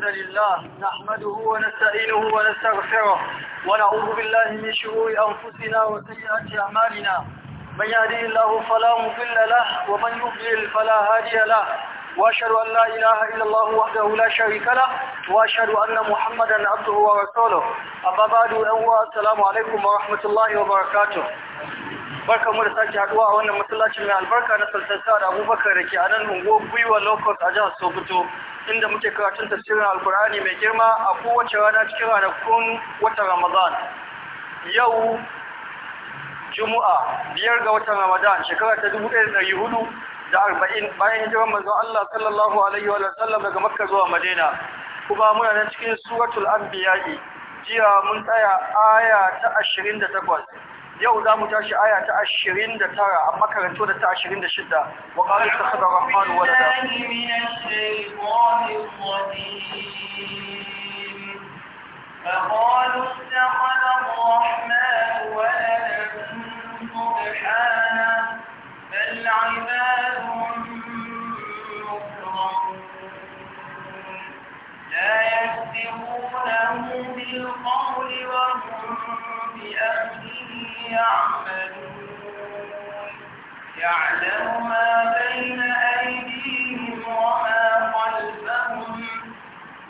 الحمد لله نحمده ونستعينه ونستغفره ونعوذ بالله من شرور أنفسنا وسيئات أعمالنا من يهده الله فلا مضل له ومن يضلل فلا هادي له وأشهد أن لا إله إلا الله وحده لا شريك له وأشهد أن محمدا عبده ورسوله أما بعد السلام عليكم ورحمة الله وبركاته barka mu da sake haduwa a wannan masallacin mai albarka na sultan sa'ad abubakar da ke a nan unguwar gwiwa locust a jihar sokoto inda muke karatun tafsirin alkur'ani mai girma a kowace rana cikin ranakun watan ramadan yau juma'a biyar ga watan ramadan shekara ta arba'in, bayan hijiran manzon Allah sallallahu alaihi wa sallam daga makka zuwa madina kuma muna nan cikin suratul anbiya'i jiya mun tsaya aya ta takwas. yau za mu tashi aya ta ashirin da tara amma karanto da ta ashirin da shida wa ƙarar ta kada rahman walada فقالوا اتخذ الرحمن ولدا سبحانه بل عباد مكرمون لا يسبقونه بالقول وهم بأمره يعملون يعلم ما بين أيديهم وما خلفهم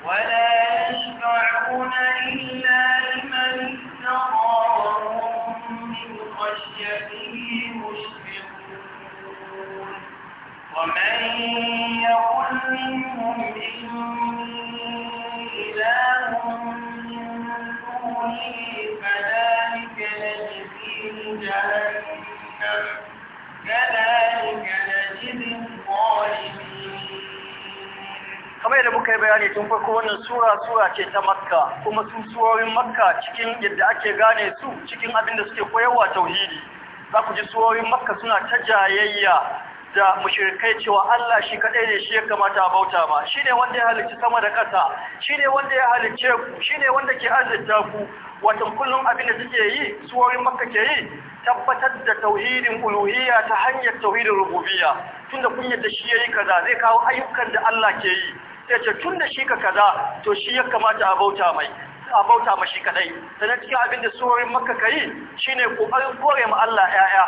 ولا يشفعون إلا لمن استطاعهم من خشيته مشفقون ومن يقل منهم إني إله من دونه kamar yadda muka yi bayani tun farko wannan sura sura ce ta makka kuma sun suwarin makka cikin yadda ake gane su cikin abinda suke koyarwa tauhidi za ku ji suwarin makka suna ta jayayya da mushirikai cewa Allah shi kadai ne shi ya kamata bauta ba Shi ne wanda ya halicci sama da ƙasa ne wanda ya halicce ku ne wanda ke arzita ku wato kullum abin da suke yi suwarin makka ke yi tabbatar da tauhidin uluhiyya ta hanyar tauhidin rububiyya tunda kun yadda shi yayi kaza zai kawo ayyukan da Allah ke yi sai ce tunda shi ka kaza to shi ya kamata a bauta mai a bauta mashi kadai sannan cikin abin da suwarin makka yi shine kokarin kore ma Allah yaya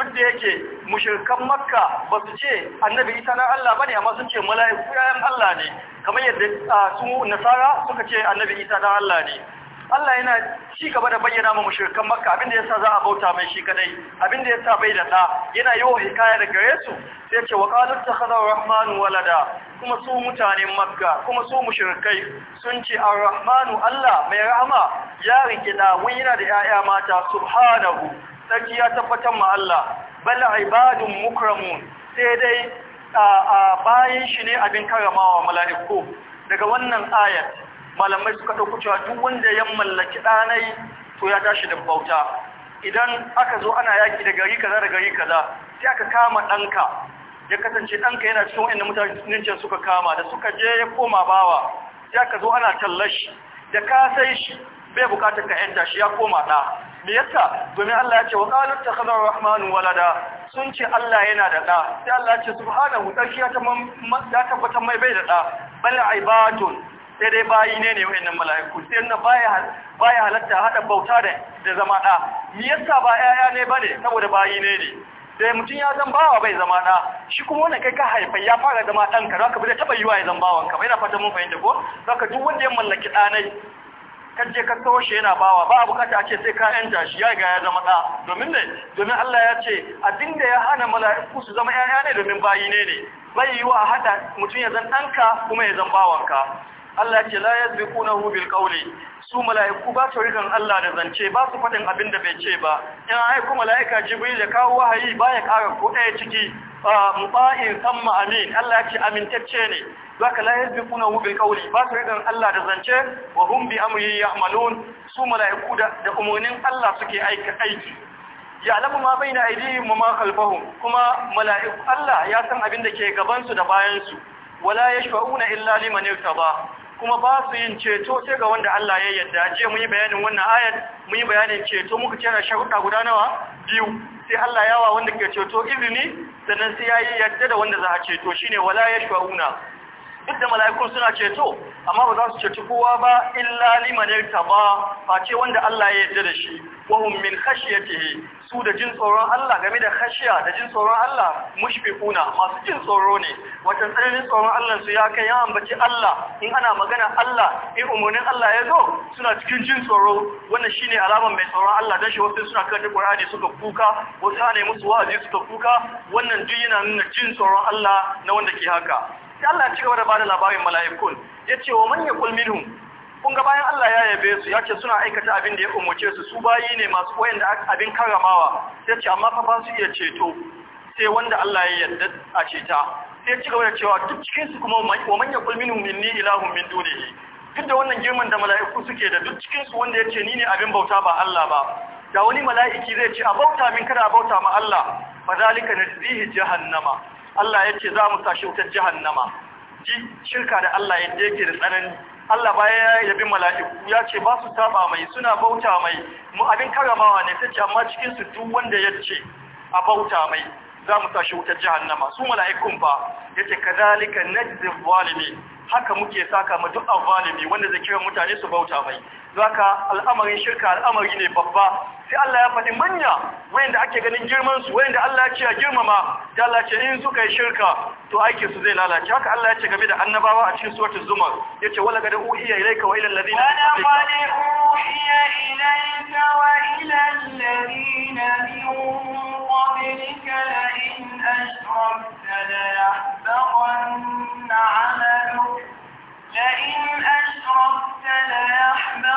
duk da yake mushrikan makka ba su ce annabi isa na Allah bane amma sun ce mala'iku yayan Allah ne kamar yadda su nasara suka ce annabi isa na Allah ne Allah yana ci gaba da bayyana mu mushrikan Makka abinda yasa za a bauta mai shi kadai abinda yasa bai da da yana yi wa hikaya daga Yesu sai ce wa qalu takhadha rahmanu walada kuma su mutanen Makka kuma su mushrikai sun ce ar-rahmanu Allah mai rahama ya rike da yana da 'ya'ya mata subhanahu sarki ya tabbatar ma Allah bal ibadun mukramun sai dai a bayan shi ne abin karamawa mala'iku daga wannan ayat malamai suka ɗauku cewa duk wanda ya mallaki ɗanai to ya tashi da bauta idan aka zo ana yaki da gari kaza da gari kaza sai aka kama ɗanka ya kasance ɗanka yana cikin wa'in mutanen suka kama da suka je ya koma bawa sai aka zo ana tallashi da ka sai shi bai bukatar ka yanta shi ya koma ɗa me yasa domin Allah ya ce wa qalu takhadha rahmanu walada sun ce Allah yana da ɗa sai Allah ya ce subhanahu tsarki ya tabbatar mai bai da ɗa bal ibadun sai dai bayi ne ne nan mala'iku sai na bayi halatta hada bauta da da zama da me yasa ba yaya ne bane saboda bayi ne ne sai mutum ya zan bawa bai zama da shi kuma wannan kai ka haifa ya fara zama dan ka zaka bi taba yiwa ya zan bawan ka bai na fata mun fahimta ko zaka duk wanda ya mallaki danai kan je ka kawo shi yana bawa ba bukata a ce sai ka yanta shi ya ga ya zama da domin ne domin Allah ya ce abinda ya hana mala'iku su zama yaya ne domin bayi ne ne bai yiwa hada mutum ya zan danka kuma ya zan bawanka Allah ce la yasbiqunahu bil qawli su mala'iku ba su rikon Allah da zance ba su faɗin abin da bai ce ba in ai kuma mala'ika jibril ya kawo wahayi baya ƙara ko ɗaya ciki muba'in samma amin Allah ce amintacce ne zaka la yasbiqunahu bil qawli ba su rikon Allah da zance wa hum bi amri ya'malun su mala'iku da umurnin Allah suke aika aiki Ya alamu ma baina aydihim wa ma khalfahum kuma mala'iku Allah ya san abin da ke gaban su da bayan su wala yashfa'una illa liman yartaba kuma ba su yin ceto sai ga wanda Allah ya yarda je mun yi bayanin wannan ayat mun yi bayanin ceto muka ce sharuɗa guda nawa biyu sai Allah yawa wanda ke ceto izini sannan sai yayi yarda da wanda za a ceto shine wala yashwauna duk da mala'ikun suna ceto amma ba za su ceci kowa ba illa liman ba, face wanda Allah ya yarda da shi wa hum min khashyatihi su da jin tsoron Allah game da khashiya da jin tsoron Allah mushfiquna masu jin tsoro ne wato tsananin tsoron Allah su ya kai ya ambaci Allah in ana magana Allah in umurnin Allah ya zo suna cikin jin tsoro wannan shine alamar mai tsoron Allah dan shi wasu suna karanta Qur'ani suka kuka wasu ne musu wa'azi suka kuka wannan duk yana nuna jin tsoron Allah na wanda ke haka sai Allah ya ci gaba da bada labarin mala'ikun Ya ce, wa manya kulminu kun ga bayan Allah ya yabe su Ya ce suna aikata abin da ya umarce su su bayi ne masu da abin karamawa ce, amma fa ba su iya ceto sai wanda Allah ya yarda a ceta sai ci gaba da cewa duk cikin su kuma wa manya kulminu min ni ilahun min dunihi duk da wannan girman da mala'iku suke da duk cikin su wanda ce ni ne abin bauta ba Allah ba da wani mala'iki zai ce a bauta min kada a bauta ma Allah fa zalika najzihi jahannama Allah ya ce za mu sashi wutar jihannama. ji shirka da Allah ya yake da tsanani Allah baya ya yabi mala'iku ya ce ba su taba mai suna bauta mai mu abin karamawa ne sai ce amma cikin su duk wanda ya ce a bauta mai za mu sashi wutar jahannama su mala'ikun fa yace kadhalika najzi zalimi haka muke saka ma duk zalimi wanda zai kira mutane su bauta mai zaka al'amarin shirka al'amari ne babba sai Allah ya faɗi manya wayanda ake ganin girman su wayanda Allah ya ce ya girmama ya Allah ce in suka yi shirka to aikin su zai lalace haka Allah ya ce game da annabawa a cikin suratul zumar yace wala qad uhiya ilayka wa ila alladhina min qablika uhiya ilayka wa ila alladhina min qablika la in ashrakta la yahbaqanna 'amaluka la in ashrakta la yahbaqanna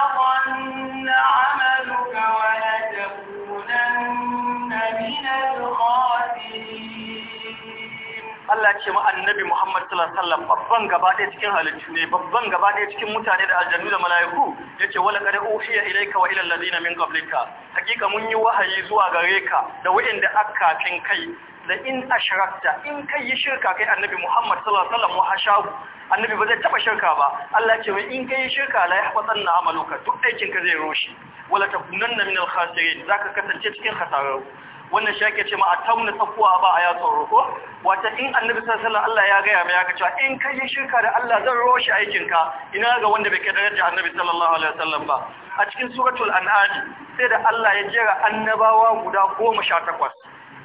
Allah ce ma annabi Muhammad sallallahu alaihi wasallam babban gaba ɗaya cikin halittu ne babban gaba ɗaya cikin mutane da aljannu da mala'iku yace wala qad uhiya ilayka wa ila alladhina min qablika hakika mun yi wahayi zuwa gare ka da wa'inda akka kin kai da in ashrakta in kai yi shirka kai annabi Muhammad sallallahu alaihi wasallam wa hashahu annabi ba zai taba shirka ba Allah ce wai in kai yi shirka la yahbatanna amaluka duk aikin ka zai roshi wala takunanna min al-khasirin zaka kasance cikin khasararru wannan shi ake ce ma a tauna tsakuwa ba a yatsun roko wata in annabi sallallahu Allah ya gaya mai aka cewa in ka yi shirka da Allah zan roshe aikinka ina ga wanda bai kai darajar annabi sallallahu alaihi wasallam ba a cikin suratul an'am sai da Allah ya jera annabawa guda 18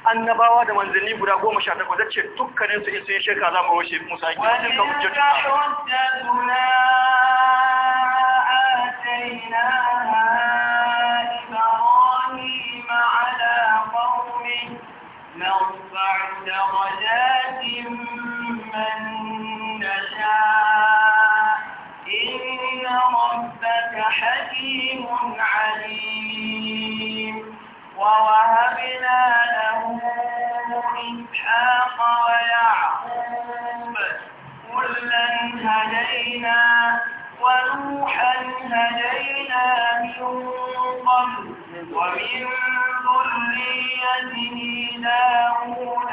annabawa da manzanni guda goma sha takwas zace dukkanin su in sun shirka za mu roshe musu aiki wajen ka hujjatu ووهبنا له إسحاق ويعقوب كلا هدينا ونوحا هدينا من قبل ومن ذريته داود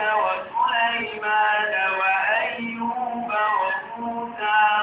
وسليمان وأيوب وموسى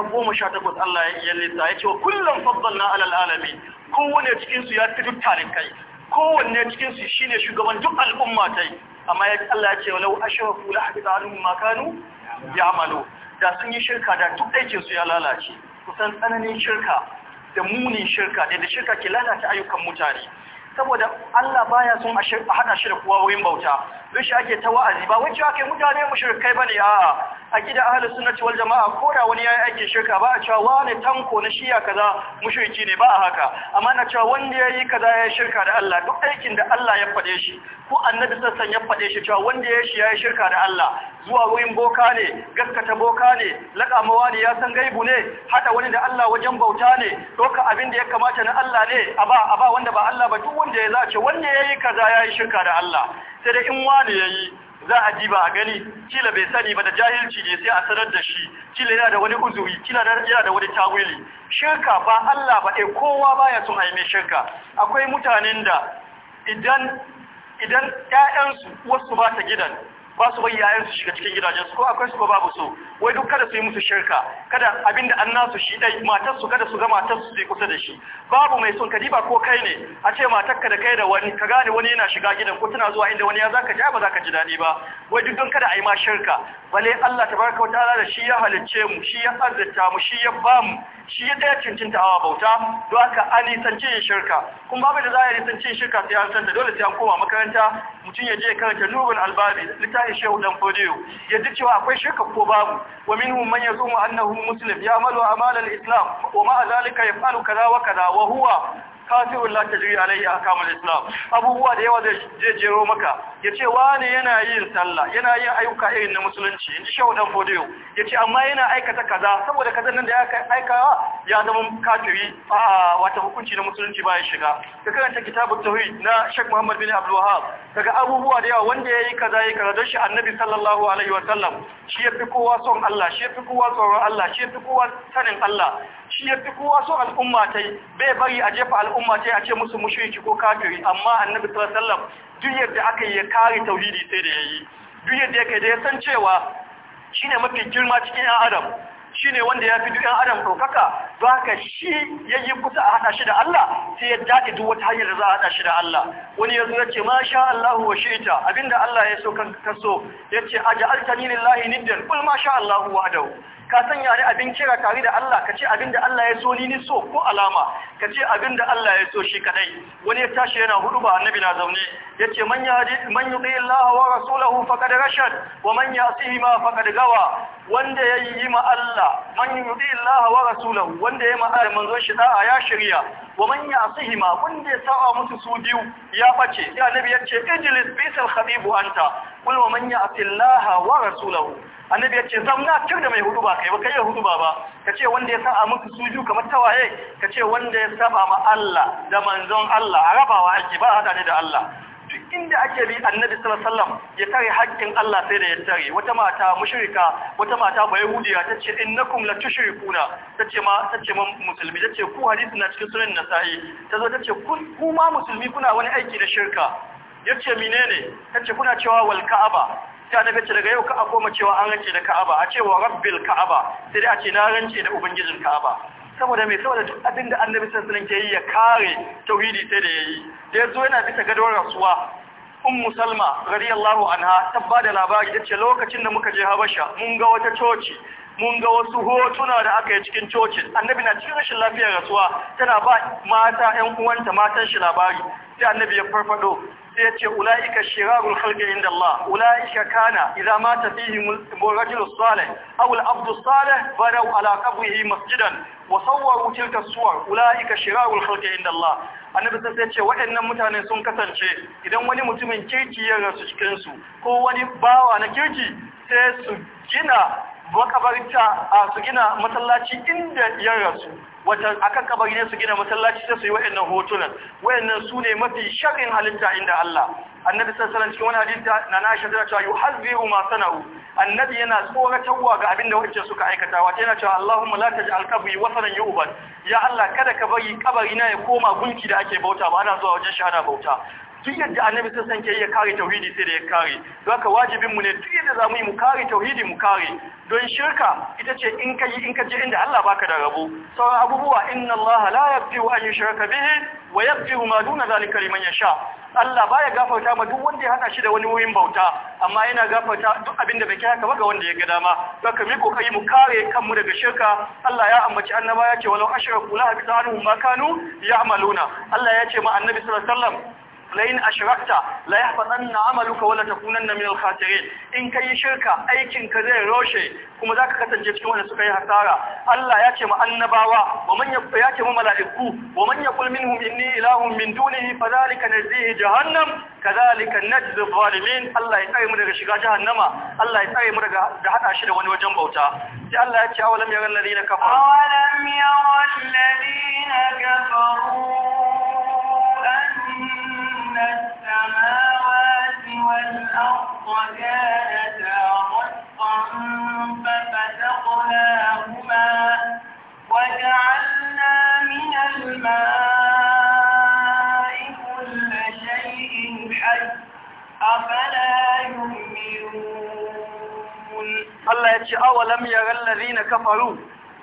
guda goma sha takwas Allah ya lissa ya ce wa kullum faddalna na alamin kowanne cikin su ya tudu kai. kowanne cikinsu shi shine shugaban duk al'umma ta. amma ya Allah ya ce walau ashrafu la hadita anhum ma kanu ya'malu da sun yi shirka da duk aikin su ya lalace kusan tsananin shirka da munin shirka da da shirka ke lalata ayyukan mutane saboda Allah baya son a haɗa shi da kowa wurin bauta don shi ake ta wa'azi ba wancan ake mutane ba bane a'a A akida ahlus sunnati wal jamaa ko da wani yayi aikin shirka ba a cewa wani tanko na shiya kaza mushriki ne ba a haka amma na cewa wanda yayi kaza yayi shirka da Allah duk aikin da Allah ya fade shi ko annabi sassan ya fade shi cewa wanda yayi shi yayi shirka da Allah zuwa wurin boka ne gaskata boka ne laƙamawa ne ya san gaibu ne hada wani da Allah wajen bauta ne doka abin da ya kamata na Allah ne a ba a ba wanda ba Allah ba duk wanda ya zace wanda yayi kaza yayi shirka da Allah sai da in wani yi. za a ji ba a gani kila bai sani ba da jahilci ne sai a sanar da shi kila yana da wani uzuri kila yana da wani tawili shirka ba Allah ba eh kowa baya son haime shirka akwai mutanen da idan idan ƴaƴansu wasu ba ta gidan ba su bai yayan su shiga cikin gidajen su ko akwai su ko babu su wai duk kada su yi musu shirka kada abinda an nasu shi dai matar su kada su ga matar su yi kusa da shi babu mai son kadiba ko kai ne a ce matar ka da kai da wani ka gane wani yana shiga gidan ko tana zuwa inda wani ya zaka ji ba zaka ji dadi ba wai duk don kada a yi ma shirka bale Allah tabaraka wa ta'ala da shi ya halicce mu shi ya azzata mu shi ya ba mu shi ya daya cincinta awa bauta don haka an nisanci shirka kuma babu da za a nisanci shirka sai an da dole sai an koma makaranta mutum ya je karanta nurul albabi littafin shehu dan fodiyo ya ji cewa akwai shirka ko babu wa minhum man yazumu annahu muslim ya amalu amalan islam wa ma zalika yaf'alu kaza wa kaza wa huwa kafirun la tajri alaihi ahkamul islam abubuwa da yawa zai jero maka yace wani yana yin sallah yana yin ayyuka irin na musulunci inji shehu dan Ya yace amma yana aikata kaza saboda kaza nan da ya aika ya zama kafiri a wata hukunci na musulunci ba ya shiga ka karanta kitabut tauhid na Sheikh Muhammad bin Abdul Wahhab kaga abubuwa da yawa wanda yayi kaza yayi kaza don shi annabi sallallahu alaihi wa sallam shi yafi kowa son Allah shi yafi kowa tsoron Allah shi yafi kowa sanin Allah shi yafi kowa son al'umma tai bai bari a jefa al'umma al'umma ce a ce musu mushriki ko kafiri amma annabi sallallahu alaihi duk yadda aka yi ya kare tauhidi sai da yayi duk yadda yake da ya san cewa shine mafi girma cikin ɗan adam shine wanda ya fi duk ƴan adam ɗaukaka don haka shi yayi kusa a hada shi da Allah sai ya daɗi duk wata hanyar da za a hada shi da Allah wani ya zo ya ce "Masha Allahu wa shi'ita abinda Allah ya so kan ka so ya ce a lillahi niddan kul masha Allah wa adau ka sanya ni abin kira tare da Allah ka ce abin da Allah ya so ni so ko alama ka ce abin da Allah ya so shi kadai wani ya tashi yana hudu ba annabi na zaune yace man ya man yuqi Allah wa rasulahu faqad rashad wa man yasihi ma faqad gawa wanda yayi ma Allah man yuqi Allah wa rasulahu wanda yayi ma Allah manzon shi da'a ya shirya wa man yasihi ma wanda ya sa'a musu su biyu ya bace ya annabi ce, ijlis bisal Habibu, anta kul wa man ya'ti Allah wa rasulahu annabi ya ce na cir da mai hudu ba kai ba kai hudu ba ba ka ce wanda ya saba muku suju kamar tawaye ka ce wanda ya saba ma Allah da manzon Allah a rabawa ake ba hada ne da Allah duk inda ake bi annabi sallallahu ya tare haƙƙin Allah sai da ya tare wata mata mushrika wata mata bai hudiya tace innakum la tushrikuna tace ma tace mun musulmi tace ku hadisi na cikin sunan nasa'i tazo tace ku ma musulmi kuna wani aiki na shirka yace menene tace kuna cewa wal ka'aba sai annabi ce daga yau ka koma cewa an rance da Ka'aba a cewa rabbil Ka'aba sai dai a ce na rance da ubangijin Ka'aba saboda mai saboda duk abin da annabi sallallahu alaihi ke yi ya kare tauhidi sai da ya yi. da yazo yana bisa gadon rasuwa ummu salma radiyallahu anha tabba da labari ce lokacin da muka je habasha mun ga wata coci mun ga wasu hotuna da aka yi cikin cocin annabi na cikin rashin lafiyar rasuwa tana ba mata 'yan uwanta matan shi labari sai annabi ya farfado sai ya ce ula'ika shirarun halga inda Allah ula'ika kana idza mata fihi rajul salih aw al-abd salih faraw ala qabrihi masjidan wa sawwaru tilka suwar ula'ika shirarun halga inda Allah annabi sai ya ce waɗannan mutane sun kasance idan wani mutumin kirki ya rasu cikin su ko wani bawa na kirki sai su gina makabarta a su gina masallaci inda ya rasu wata akan kabari ne su gina masallaci sai su yi wa'annan hotunan wa'annan su ne mafi sharrin halitta inda Allah annabi sallallahu alaihi wasallam cikin wani hadisi na na shadda cewa yuhazziru ma sana'u annabi yana tsoratarwa ga abin da wacce suka aikata wata yana cewa Allahumma la taj'al qabri wasanan yu'bad ya Allah kada ka bari kabari ya koma gunki da ake bauta ba ana zuwa wajen shahada bauta duk yadda annabi sun san ke ya kare tauhidi sai da ya kare don haka wajibin mu ne duk yadda zamu yi mu kare tauhidi mu kare don shirka ita ce in ka yi in ka je inda Allah baka da rabo sauran abubuwa inna Allah la yaghfiru an yushraka bihi wa yaghfiru ma duna zalika liman yasha Allah baya gafarta ma duk wanda ya hada shi da wani wurin bauta amma yana gafarta duk abinda bai kai haka ga wanda ya ga dama don ka mu kokari mu kare kanmu daga shirka Allah ya ambaci annaba ya ce walau ashraku la habita anhum ma kanu ya'maluna Allah ya ce ma annabi sallallahu alaihi wasallam lain ashrakta la yahbatanna amaluka wala takunanna min al-khasirin in kai shirka aikin ka zai roshe kuma zaka kasance cikin wanda suka yi hasara Allah ya ce mu annabawa wa man ya ce mu mala'iku wa man yaqul minhum inni ilahun min dunihi fadhalika najzihi jahannam kadhalika najzi adh Allah ya tsare mu daga shiga jahannama Allah ya tsare mu daga da hada shi da wani wajen bauta sai Allah ya ce awalam yaral ladina kafaru awalam yaral ladina kafaru السماوات والأرض كانتا رتقا ففتقناهما وجعلنا من الماء كل شيء حي أفلا يؤمنون الله يتشاء ولم يرى الذين كفروا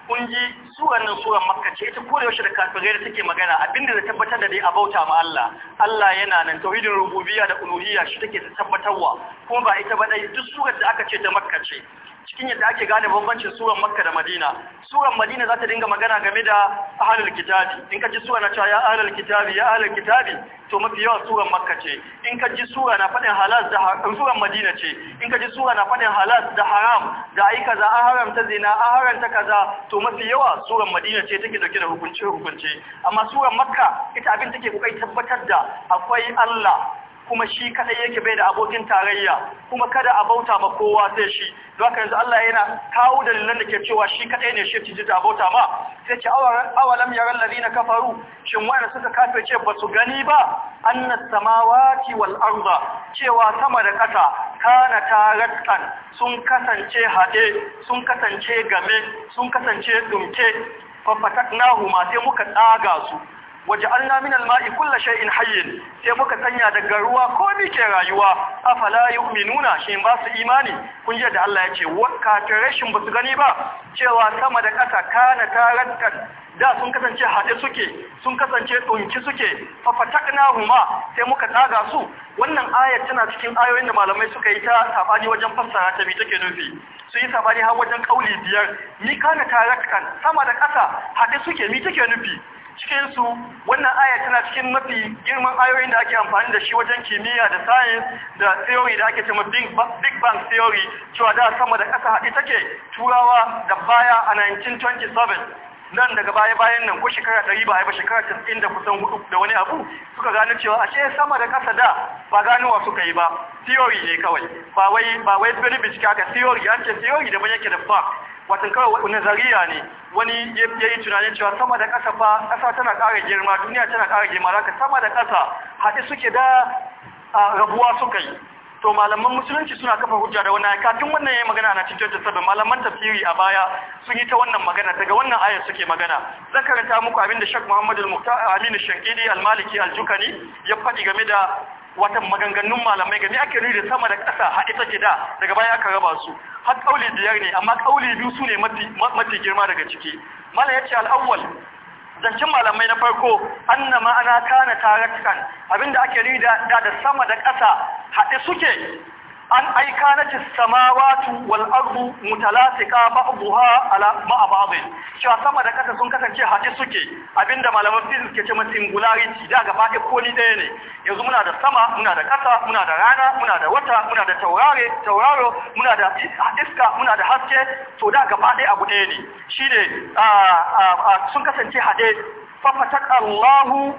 kun ji suran nan suran makka ce ita kore da yaushe da kafirai da take magana abinda da tabbatar da dai a bauta ma Allah Allah yana nan tauhidin rububiyya da uluhiyya shi take ta tabbatarwa kuma ba ita ba dai duk surar da aka ce ta makka ce cikin yadda ake gane bambancin suran makka da madina suran madina za ta dinga magana game da ahalul kitabi in ka ji suran na cewa ya ahalul kitabi ya ahalul kitabi to mafi yawa suran makka ce in ka ji suran na faɗin halal da haram suran madina ce in ka ji suran na faɗin halal da haram da ai kaza an haramta zina an haramta kaza to mafi yawa suran madina ce take dauke da hukunce hukunce amma suran makka ita abin take kokai tabbatar da akwai Allah kuma shi kadai yake bai da abokin tarayya kuma kada a bauta ma kowa sai shi don haka yanzu Allah yana kawo dalilan da ke cewa shi kadai ne shi tijji da bauta ma sai ce awalam ran ladina kafaru shin wanda suka ce ba su gani ba annas samawati wal arda cewa sama da kasa kana tarattan sun kasance hade sun kasance game sun kasance dumke nahu ma sai muka tsaga su Waje min al-ma'i kulli shay'in hayyin sai muka sanya daga ruwa ko ke rayuwa afala yu'minuna shin ba su imani kun ji da Allah ya ce wakka ta rashin ba su gani ba cewa sama da ƙasa kana tarattan da sun kasance haɗe suke sun kasance tsunki suke fafatakna huma sai muka tsaga su wannan ayat tana cikin ayoyin da malamai suka yi ta sabani wajen fassara ta bi take nufi su yi sabani har wajen kauli biyar ni kana tarattan sama da ƙasa haɗe suke mi take nufi cikinsu wannan aya tana cikin mafi girman ayoyin da ake amfani da shi wajen kimiyya da science da theory da ake cewa big bang theory cewa da sama da ƙasa haɗi take turawa da baya a 1927 nan daga baya-bayan nan ko shekara ɗari ba a yi ba shekara tasirin da kusan hudu da wani abu suka gano cewa ashe sama da ƙasa da ba ganowa suka yi ba theory ne kawai ba wai ba wai wani bincike aka theory an ce theory da yake da fact watan kawai nazariya ne wani ya yi tunanin cewa sama da ƙasa fa ƙasa tana ƙara girma duniya tana ƙara girma ka sama da ƙasa haɗe suke da rabuwa suka yi to malaman musulunci suna kafa hujja da wannan ayaka tun wannan ya yi magana na cikin sabbin, malaman tafsiri a baya sun yi ta wannan magana daga wannan ayar suke magana zan karanta muku abin da shak muhammadu Al-Muqtar Aminu Shankidi Al-Maliki Al-Jukani ya faɗi game da wata maganganun malamai game ake nuni da sama da ƙasa haɗe take da daga baya aka raba su har ƙauli biyar ne amma ƙauli biyu su ne mafi girma daga ciki mala ya ce al'awwal zancen malamai na farko an anna ma'ana kana tarakan abinda ake nuni da da sama da ƙasa haɗe suke an aika na ci samawatu wal ardu mutalasika ba'dha ala ma'a cewa sama da kasa sun kasance haje suke abinda malaman physics ke cewa singularity da gaba ɗaya ko ni ɗaya ne yanzu muna da sama muna da kasa muna da rana muna da wata muna da taurare tauraro muna da iska muna da haske to da gaba ɗaya abu ɗaya ne shine sun kasance haɗe fafataka Allahu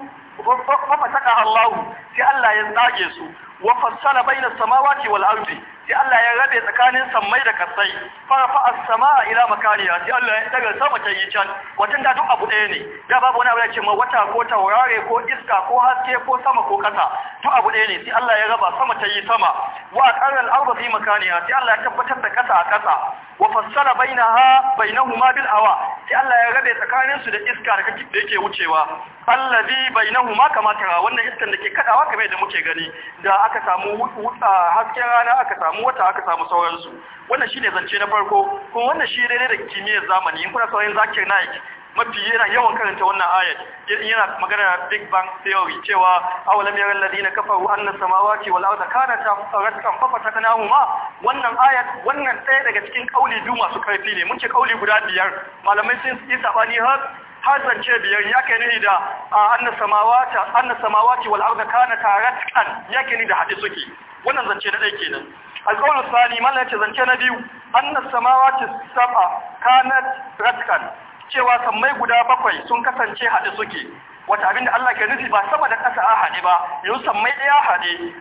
fafataka Allahu sai Allah ya tsage su wa fassala bayna samawati wal ardi sai Allah ya rabe tsakanin sammai da kasai farafa as-samaa ila makaniya, sai Allah ya daga sama ta yi can Wajen da duk abu ɗaya ne da babu wani abu da ma wata ko taurare ko iska ko haske ko sama ko kasa duk abu ɗaya ne sai Allah ya raba sama ta yi sama wa aqarra al-ardi fi makaniya, sai Allah ya tabbatar da kasa a kasa wa fassala bainaha bainahuma bil hawa sai Allah ya rabe tsakanin su da iska da yake wucewa allazi bainahuma kama tara wannan iskan da ke kadawa kamar yadda muke gani da aka samu hasken rana aka samu wata aka samu sauransu wannan shine zance na farko kuma wannan shi daidai da kimiyyar zamani in kuna sauran zakin naik mafi yana yawan karanta wannan ayat yana magana big bang theory cewa awalam yaral ladina kafaru anna samawati wal arda kanat ratqan fa wannan ayat wannan ɗaya daga cikin kauli biyu masu karfi ne mun ce kauli guda biyar malamai sun yi sabani har hasan ce biyar yake ni da anna samawati anna samawati wal arda kana taratkan yake ni da hadisuki wannan zance na dai kenan alqawlu sani mallan yace zance na biyu anna samawati sab'a kanat ratkan cewa sammai guda bakwai sun kasance haɗe suke wata abin da Allah ke nufi ba sama da kasa a haɗe ba yau sammai daya haɗe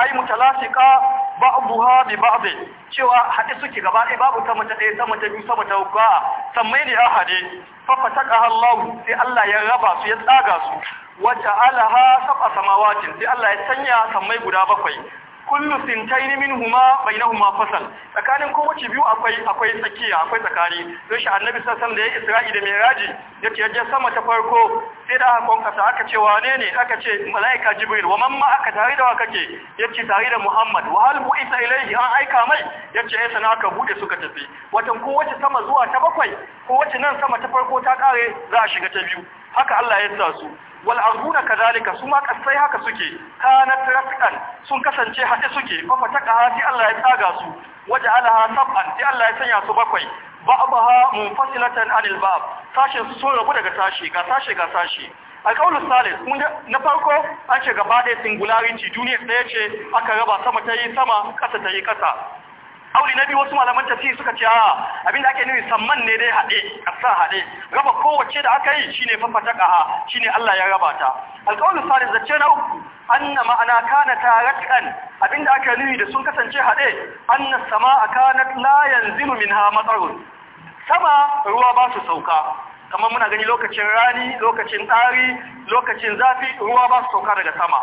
ai mutalasika ba'dha bi ba'd cewa haɗe suke gaba ɗaya babu sama ta ɗaya sama ta biyu sama ta uku sammai ne a hade fa fataqaha Allah sai Allah ya raba su ya tsaga su wata alaha sab'a samawatin sai Allah ya sanya sammai guda bakwai kullu sintaini minhuma bainahuma fasal tsakanin kowace biyu akwai akwai tsakiya akwai tsakani don shi annabi sallallahu da ya isra'i da miraji ce yaje sama ta farko sai da aka kasa aka ce wane ne aka ce malaika jibril wa mamma aka tare da wa kake yace tare da muhammad wa hal bu'isa ilaihi an aika mai yace ya eh, sana aka bude suka tafi watan kowace sama zuwa ta bakwai kowace nan sama ta farko ta kare za a shiga ta biyu haka Allah ya sa su wal arduna kadhalika su ma kasai haka suke kanat rafqan sun kasance hade suke fa fataka sai Allah ya tsaga su al'aha sab'an sai Allah ya sanya su bakwai ba'daha munfasilatan anil bab sashi su sun rabu daga sashi ga sashi ga sashi alqaulu salis mun na farko an ce gaba da singularity duniya ɗaya ce aka raba sama ta sama kasa tayi yi ƙasa auli na biyu wasu malaman tafi suka ce a abinda ake nufi samman ne dai haɗe ƙasa haɗe raba kowace da aka yi shine shi shine Allah ya raba ta alqawlu da zace na uku anna ma'ana kana taratan abinda aka nufi da sun kasance haɗe anna samaa kana la yanzilu minha matsarun sama ruwa ba su sauka kamar muna gani lokacin rani lokacin tsari lokacin zafi ruwa ba su sauka daga sama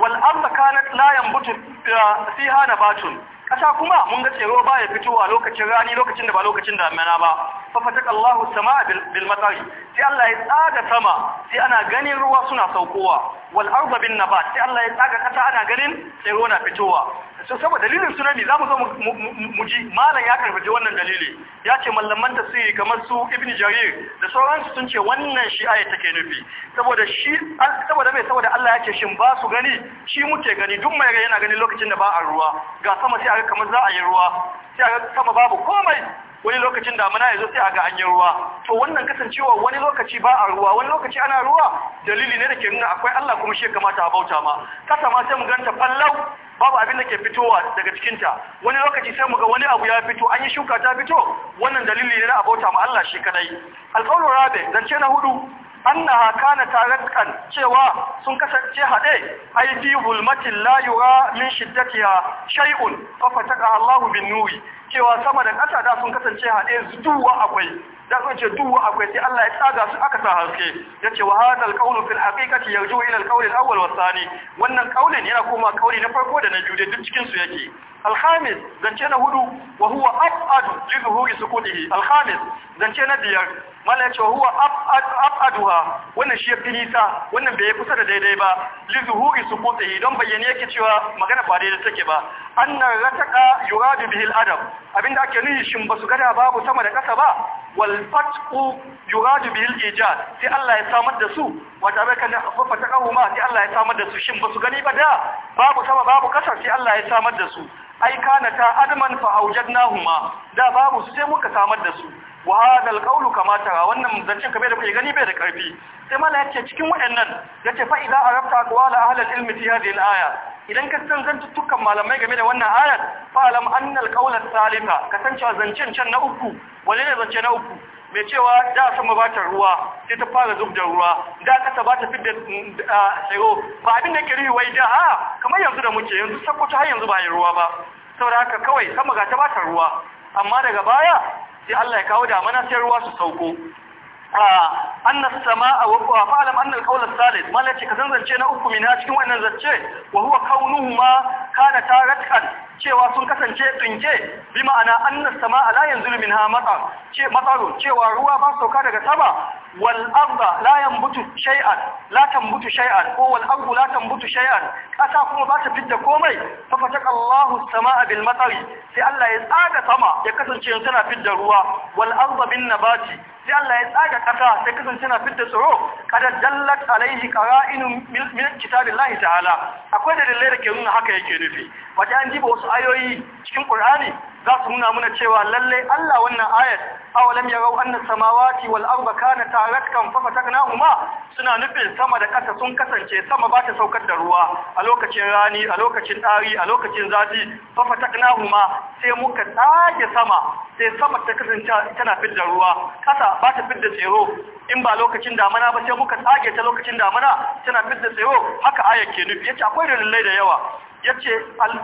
wal arda kanat la yanbutu eh, fiha nabatun Kasa kuma mun ga tsero ba ya fitowa lokacin rani lokacin da ba lokacin damina ba fafatak Allahu sama bil matari sai Allah ya tsaga sama sai ana ganin ruwa suna saukowa wal arda bin nabat sai Allah ya tsaga kasa ana ganin tsero na fitowa so saboda dalilin sunani zamu zo mu ji malam ya karbaje wannan dalili ya ce mallaman tasiri kamar su ibn jarir da sauransu sun ce wannan shi aya take nufi saboda shi saboda mai saboda Allah ya ce shin ba su gani shi muke gani duk mai yana gani lokacin da ba a ruwa ga sama sai ga kamar za a yi ruwa sai a ga sama babu komai wani lokacin damuna ya zo sai a ga an yi ruwa to wannan kasancewa wani lokaci ba a ruwa wani lokaci ana ruwa dalili ne da ke nuna akwai Allah kuma shi kamata a bauta ma kasa ma sai mu ganta fallau babu abin da ke fitowa daga cikin ta wani lokaci sai mu ga wani abu ya fito an yi shuka ta fito wannan dalili ne na bauta ma Allah shi kadai alƙawarin rabe zance na hudu annaha kana tarakkan cewa sun kasance hade ai fi hulmatin la yura min shiddatiha shay'un fa fataka Allahu bin nuri cewa sama da kasa da sun kasance hade duwa akwai da sun ce duwa akwai sai Allah ya tsaga su aka sa haske yace wa hadha alqawlu fil haqiqati yarju ila alqawli alawwal wasani wannan qawlin yana koma qawli na farko da na biyu duk cikin su yake الخامس زنجنا هدو وهو أبعد لظهور سكونه الخامس زنجنا بيار ملك وهو أبعد أبعدها وانا شيء بنيسا وانا بيكوسا دايداي لظهور سكونه دون بيان yake cewa magana ba daidai take ba annar rataka yuradu bihi al-adab abinda ake nuyi shin basu gada babu sama da kasa ba wal fatqu yuradu bihi al-ijad sai Allah ya samar da su wa tabaka na fataqahu ma sai Allah ya samar da su gani ba da babu babu ƙasa, sai Allah ya samar da su ai kana ta adman fa aujadnahuma da babu su sai muka samar da su wa hadal qawlu kama tara wannan zancin kabe da kuke gani bai da karfi sai mala ce cikin wayannan yace fa idza arabta aqwala ahli al-ilm fi hadhihi al-aya idan ka san zantukan malamai game da wannan ayat fa alam anna al-qawla ath-thalitha zancen can na uku wale ne zance na uku mai cewa da sama ba ruwa sai ta fara zub ruwa da kasa ba ta fi da tsaro ba abin da ke rihi wai da a kamar yanzu da muke yanzu sakkwato har yanzu ba yi ruwa ba saboda haka kawai sama ga ta bata ruwa amma daga baya sai Allah ya kawo mana sai ruwa su sauko anna sama'a wa fa'alam anna al salis malaka ka zanzance na uku min cikin wannan zance wa huwa kaunuhuma kana taratkan cewa sun kasance tsinke bi ma'ana annas sama'a la yanzulu minha matar ce cewa ruwa ba sauka daga sama wal arda la yanbutu shay'an la tanbutu shay'an ko wal ardu la tanbutu shay'an kasa kuma ba ta fidda komai fa fataqallahu sama'a bil matari sai Allah ya tsaga sama ya kasance tana fidda ruwa wal arda bin nabati sai Allah ya tsaga kasa sai kasance tana fidda tsoro kada dallat alaihi qara'inun min kitabillahi ta'ala akwai dalilai da ke nuna haka yake rufe wace an jiba wasu ayoyi cikin Ƙur'ani? za su nuna muna cewa lalle Allah wannan ayat awalam yarau anna samawati wal arda kana taratkan fa fataknahuma suna nufin sama da kasa sun kasance sama ba ta saukar da ruwa a lokacin rani a lokacin dari a lokacin zafi fa fataknahuma sai muka tsage sama sai sama ta kasance tana da ruwa kasa ba ta da tsero in ba lokacin damana ba sai muka tsage ta lokacin damana tana fidda tsero haka ayat ke nufi yace akwai dalilai da yawa yace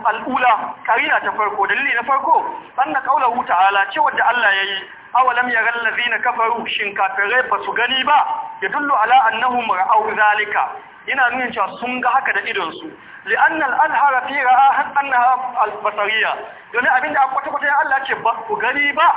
al'ula karina ta farko dalili na farko ƙaunar qaulahu ala ce wadda Allah ya yi awalam yaral ladina kafaru shin kafirai ba su gani ba Ya dullo ala annahu ra'aw zalika yana nuna cewa sun ga haka da idon su li'anna al-azhara fi ra'a annaha al-basariyya don abinda a kwata Allah ce ba su gani ba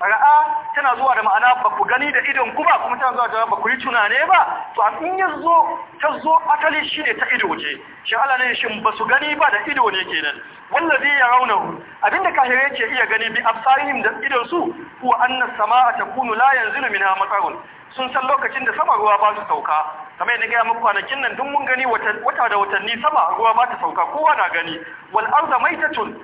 ra'a ah, tana zuwa da ma'ana ba ku gani da idon ku ba kuma tana zuwa da ba ku yi tunane ba to an in yazo ta zo asali shine ta ido ce shi Allah ne shin ba su gani ba da ido ne kenan wallazi yarawnahu abinda kahire ke iya gani bi absarihim da idon su ko anna samaa takunu la yanzilu minha matarun sun san lokacin da sama ruwa ba su sauka kamar yadda gaya muku kwanakin nan duk mun gani wata da watanni sama ruwa ba ta sauka kowa na gani wal arda maitatun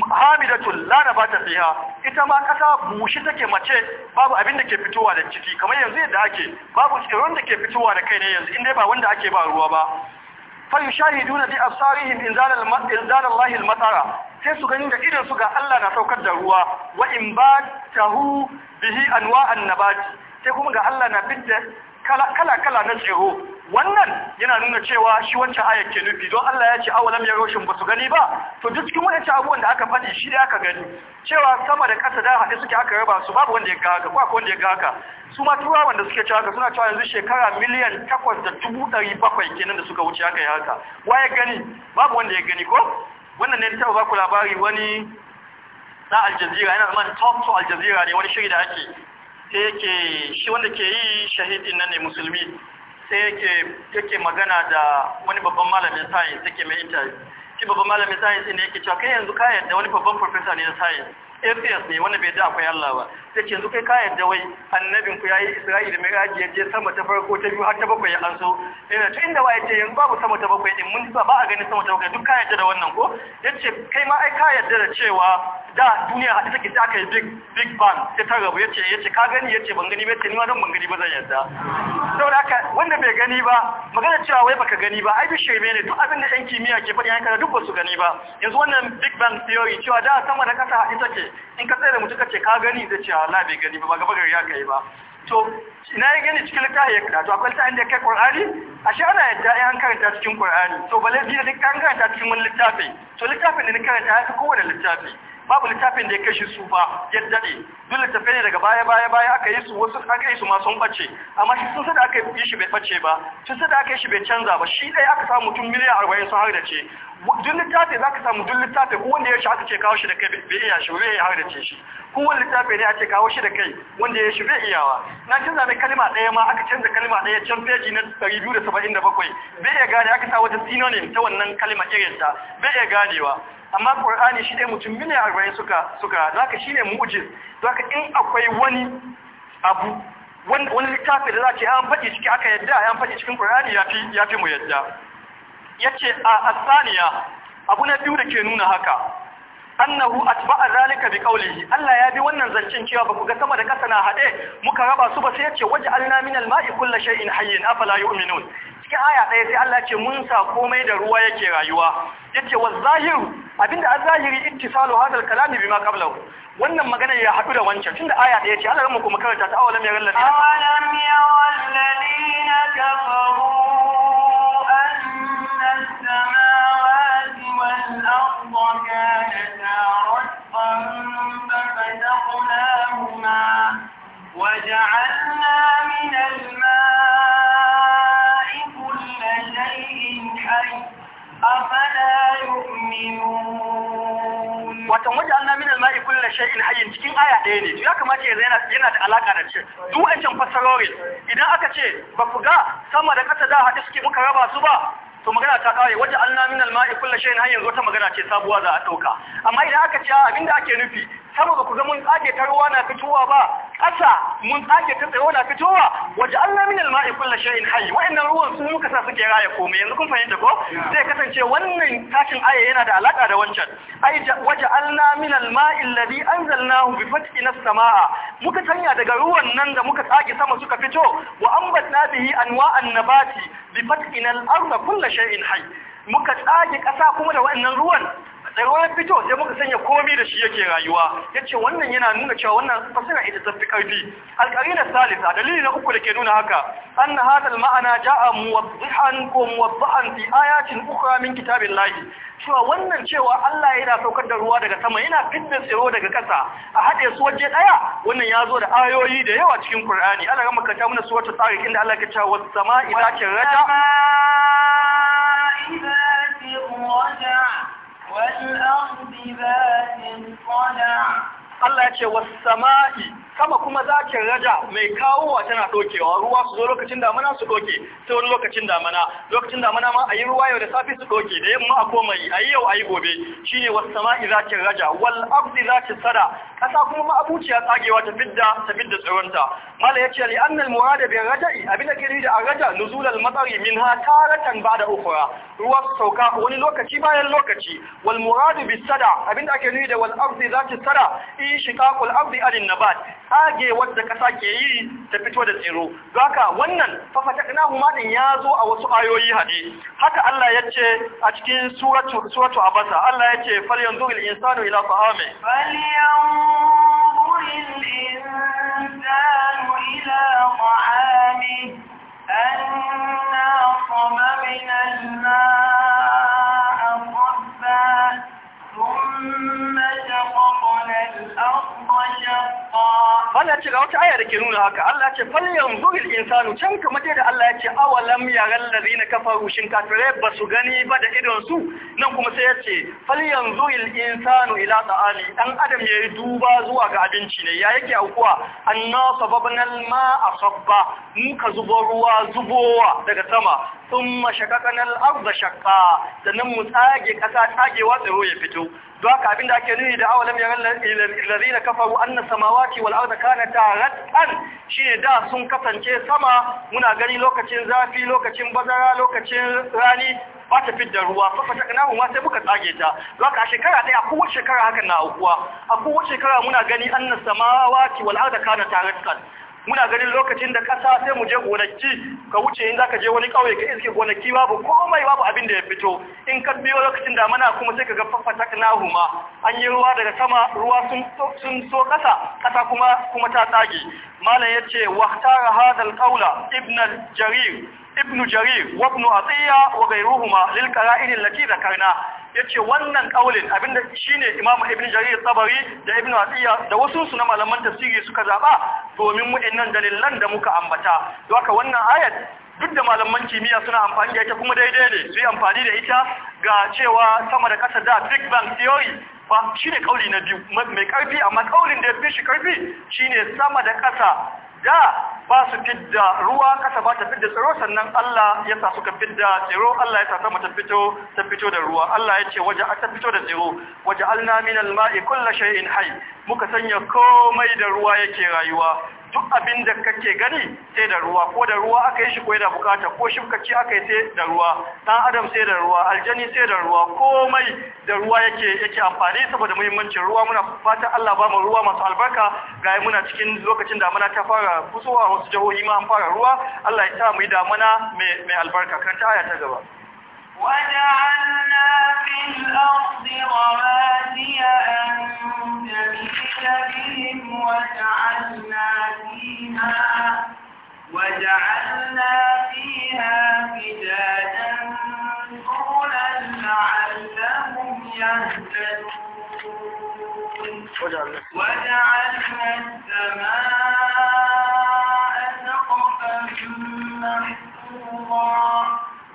hamidatul la nabata fiha ita ma kasa bushi take mace babu abin da ke fitowa da ciki kamar yanzu yadda ake babu tsiron da ke fitowa da kai ne yanzu in dai ba wanda ake ba ruwa ba fa yushahiduna bi absarihim inzal al-inzal Allah al-matara sai su gani da idan su ga Allah na saukar da ruwa wa in ba tahu bihi anwa'an nabati sai kuma ga Allah na fitta kala-kala na tsiro wannan yana nuna cewa shi wancan ayar ke nufi don Allah ya ce awalam ya roshin ba su gani ba to duk cikin wani abubuwan da aka faɗi shi da aka gani cewa sama da ƙasa da haɗe suke aka raba su babu wanda ya ga ko akwai wanda ya ga su ma turawan da suke cewa suna cewa yanzu shekara miliyan takwas da dubu ɗari bakwai kenan da suka wuce aka yi haka wa ya gani babu wanda ya gani ko wannan ne taɓa ba ku labari wani na aljazira yana zama top to aljazira ne wani shiri da ake sai yake shi wanda ke yi shahidin nan ne musulmi sai yake yake magana da wani babban malamin science yake mai interview shi babban malamin science ne yake cewa kai yanzu ka yadda wani babban professor ne na science atheist ne wanda bai da akwai Allah ba sai ce yanzu kai ka yadda wai annabin ku yayi Isra'ila mai raji ya je sama ta farko ta biyu har ta bakwai ya anso ina to inda wai ce yanzu babu sama ta bakwai din mun ba a ganin sama ta bakwai duk ka yadda da wannan ko yace kai ma ai ka yadda da cewa da duniya hada take sai aka yi big big bang sai ta rabu yace yace ka gani yace ban gani ba ce ni ma dan ban gani ba zan yarda saboda haka wanda bai gani ba magana cewa wai baka gani ba ai bishe ne duk abin da yan kimiyya ke faɗi kana duk ba su gani ba yanzu wannan big bang theory cewa da sama da kasa hadi take in ka tsaye da mutu kace ka gani zai ce Allah bai gani ba ba gaba gari ya kai ba to ina ya gani cikin littafi ya karatu akwai littafin da kai Qur'ani ashe ana yadda ai an karanta cikin Qur'ani to balle bi da kan an karanta cikin wani littafi to littafin da ni karanta ya fi kowane littafi babu littafin da ya kashi su ba ya ne duk littafin ne daga baya baya baya aka yi su wasu aka yi su ma sun bace amma shi sun sada aka yi shi bai bace ba sun sada aka yi shi bai canza ba shi dai aka samu mutum miliyan arba'in sun har da ce duk littafi za ka samu duk littafi ko wanda ya shi aka ce kawo shi da kai bai iya shi bai iya harace shi ko wani littafi ne a ce kawo shi da kai wanda ya shi bai iyawa na canza mai kalima ɗaya ma aka canza kalima ɗaya can feji na 277 bai iya gane aka sa wata synonym ta wannan kalima irin ta bai iya ganewa amma Qur'ani shi dai mutum miliyan arba'in suka suka zaka shine mu'jiz zaka in akwai wani abu wani littafi da za ce an faɗi ciki aka yadda an faɗi cikin Qur'ani ya fi mu yadda yace a asaniya abu na biyu da ke nuna haka annahu atba'a zalika bi qawlihi Allah ya bi wannan zancin cewa ba ku ga sama da kasa na hade muka raba su ba sai yace waj'alna min al-ma'i kulli shay'in hayyin afala yu'minun cikin aya ɗaya sai Allah ce mun sa komai da ruwa yake rayuwa yace wa zahir? abinda az-zahiri ittisalu hadha al-kalami bima qablahu wannan magana ya hadu da wancan tunda aya ɗaya ce Allah ran mu kuma karanta ta awalam yaral ladina awalam yaral ladina kafaru كانتا رتقا ففتقناهما وجعلنا من الماء كل شيء حي أفلا يؤمنون watan waje min al-ma'i kulli shay'in cikin aya ɗaya ne ya kamata ya yana yana da alaka da shi duk wancan fasarori idan aka ce ba ku ga sama da ƙasa da hadisi suke muka raba su ba to magana ta kare wajen an na minal ma'i shay'in hanyar ta magana ce sabuwa za a tauka amma idan aka ce abinda ake nufi sama ba ku ga mun tsage ta ruwa na fitowa ba ƙasa mun tsage ta tsayo na fitowa waje Allah min alma'i kullu shay'in hayy wa'annan ruwan sun muka sa suke raya komai yanzu kun fahimta ko zai kasance wannan tashin aya yana da alaka da wancan ai waje Allah min alma'i alladhi anzalnahu bi fathin as-samaa muka tanya daga ruwan nan da muka tsage sama suka fito wa ambatna bihi anwa'an nabati bi fathin al-ardh kullu shay'in hayy muka tsage ƙasa kuma da wa'annan ruwan da ruwan fito sai muka sanya komi da shi yake rayuwa yace wannan yana nuna cewa wannan fasara ita ta fi karfi alqarina salisa dalili na uku da ke nuna haka anna hadal ma'ana ja'a muwaddihan ko muwaddahan fi ayatin ukhra min layi. cewa wannan cewa Allah yana saukar da ruwa daga sama yana fitna tsiro daga ƙasa a haɗe su waje ɗaya wannan ya zo da ayoyi da yawa cikin ƙur'ani. Allah ya makanta mana suratul Tariq inda Allah ya ce was sama'i zati raja Allah ya ce wasu sama'i sama kuma zakin raja mai kawowa tana dokewa ruwa su zo lokacin damana su doke ta wani lokacin damana lokacin damana ma a yi ruwa yau da safi su doke da yamma a koma yi ayi yau ayi gobe shine wasu sama'i zakin raja wal ardi zakin sada kasa kuma ma abuciya tsagewa ta fidda ta fidda tsoronta mala yace li annal murada bi raja'i abin da kiri da raja nuzul al min ha taratan ba'da ukhra ruwa su sauka wani lokaci bayan lokaci wal muradu bis sada abin da ake nufi da wal ardi zakin sada in shiqaqul ardi adin nabat tsage wadda kasa ke yi ta fito da tsiro don wannan fafatakna huma din ya zo a wasu ayoyi haɗe haka Allah ya ce a cikin suratu suratu abasa Allah ya ce fal yanzu il insanu ila ta'ami fal yanzu il insanu ila ta'ami anna samamina al ثم شققنا الأرض شقا Allah ce ga wata aya da ke nuna haka Allah ce fal yanzuril insanu can kamar da Allah ya ce awalam yaral na kafaru shin kafire ba su gani ba da idon su nan kuma sai ya ce fal yanzuril insanu ila ta'ali dan adam yayi duba zuwa ga abinci ne ya yake aukuwa anna sababnal ma'a sabba muka zubo ruwa zubowa daga sama thumma shaqaqnal arda shaqqa sannan mu tsage kasa tsagewa tsaro ya fito don haka abinda ake nuni da awalam na ladina kafaru anna samawa samawati wal arda kanata ratqan shine da sun kasance sama muna gani lokacin zafi lokacin bazara lokacin rani ba ta fidda ruwa fafa takanahu ma sai muka tsage ta zaka a shekara daya ko wace shekara hakan na aukuwa a ko wace shekara muna gani annas samawati wal arda kanata ratqan muna ganin lokacin da kasa sai mu je gonaki ka wuce in zaka je wani kauye ka iske gonaki babu komai babu abin da ya fito in ka biyo lokacin da mana kuma sai ka ga kana huma. an yi ruwa daga sama ruwa sun so kasa kasa kuma kuma ta tsage malam yace wahtara hadal kaula ibn jarir Ibnu jarir wa ibn atiya wa ghayruhuma lil qara'in allati dhakarna yace wannan kaulin abinda shine Imam Ibn Jarir Tabari da Ibnu Atiyya da wasu su na malaman tafsiri suka zaba domin waɗannan dalilan da muka ambata don haka wannan ayat duk da malaman kimiyya suna amfani da ita kuma daidai ne su yi amfani da ita ga cewa sama da kasa da Big Bang Theory ba shi ne kauli na biyu mai karfi amma kaulin da ya fi shi karfi shi ne sama da kasa da ba su fidda ruwa kasa ba ta fidda tsaro sannan Allah ya sa suka fidda tsaro Allah ya sa sama ta fito ta fito da ruwa Allah ya ce waje ta fito da tsaro waje alna minal ma'i kullu shay'in hayy muka sanya komai da ruwa yake rayuwa duk abin da kake gani sai da ruwa ko da ruwa aka yi shi koyi yana bukata ko shifkaci aka yi sai da ruwa dan adam sai da ruwa aljani sai da ruwa komai da ruwa yake yake amfani saboda muhimmancin ruwa muna fatan Allah ba mu ruwa masu albarka ga muna cikin lokacin da muna ta fara fusowa wasu jihohi ma an fara ruwa Allah ya sa mu yi damuna mai albarka kan ta aya ta gaba وجعلنا في الأرض رواسي أن تمشي بهم منها وجعلنا فيها فجاجا طولا لعلهم يهتدون وجعلنا السماء سقفا محفوظا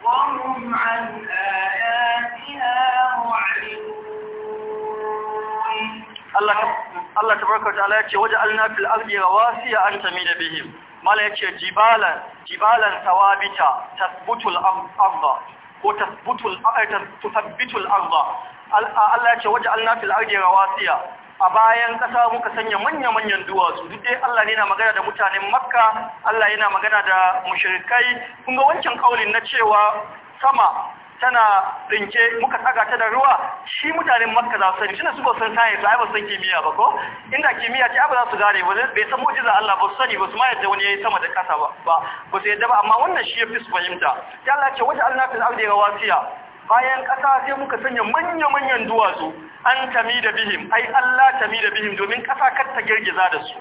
وهم عن آياتها معرضون Allah tabaraka ta'ala ya ce alna fil ardi rawasiya an tamida bihim mala ya ce jibalan jibalan tawabita tasbutul arda ko tasbutul eh, arda tusabbitul arda Allah ya ce alna fil ardi rawasiya a bayan ƙasa muka sanya manya-manyan duwatsu duk dai Allah ne yana magana da mutanen makka Allah yana magana da mushrikai kun ga wancan kaulin na cewa sama tana rinke muka tsaga ta da ruwa shi mutanen makka za su sani tunda su ba san science ai ba san kimiyya ba ko inda kimiyya ce ba za su gane ba bai san mu'jiza Allah ba su sani ba su ma yadda wani yayi sama da kasa ba ba su yadda ba amma wannan shi yafi su fahimta ya Allah ce wata Allah fil ardi rawasiya bayan kasa sai muka sanya manya-manyan duwatsu an tamida da bihim ai Allah tami da bihim domin kasa kar ta girgiza da su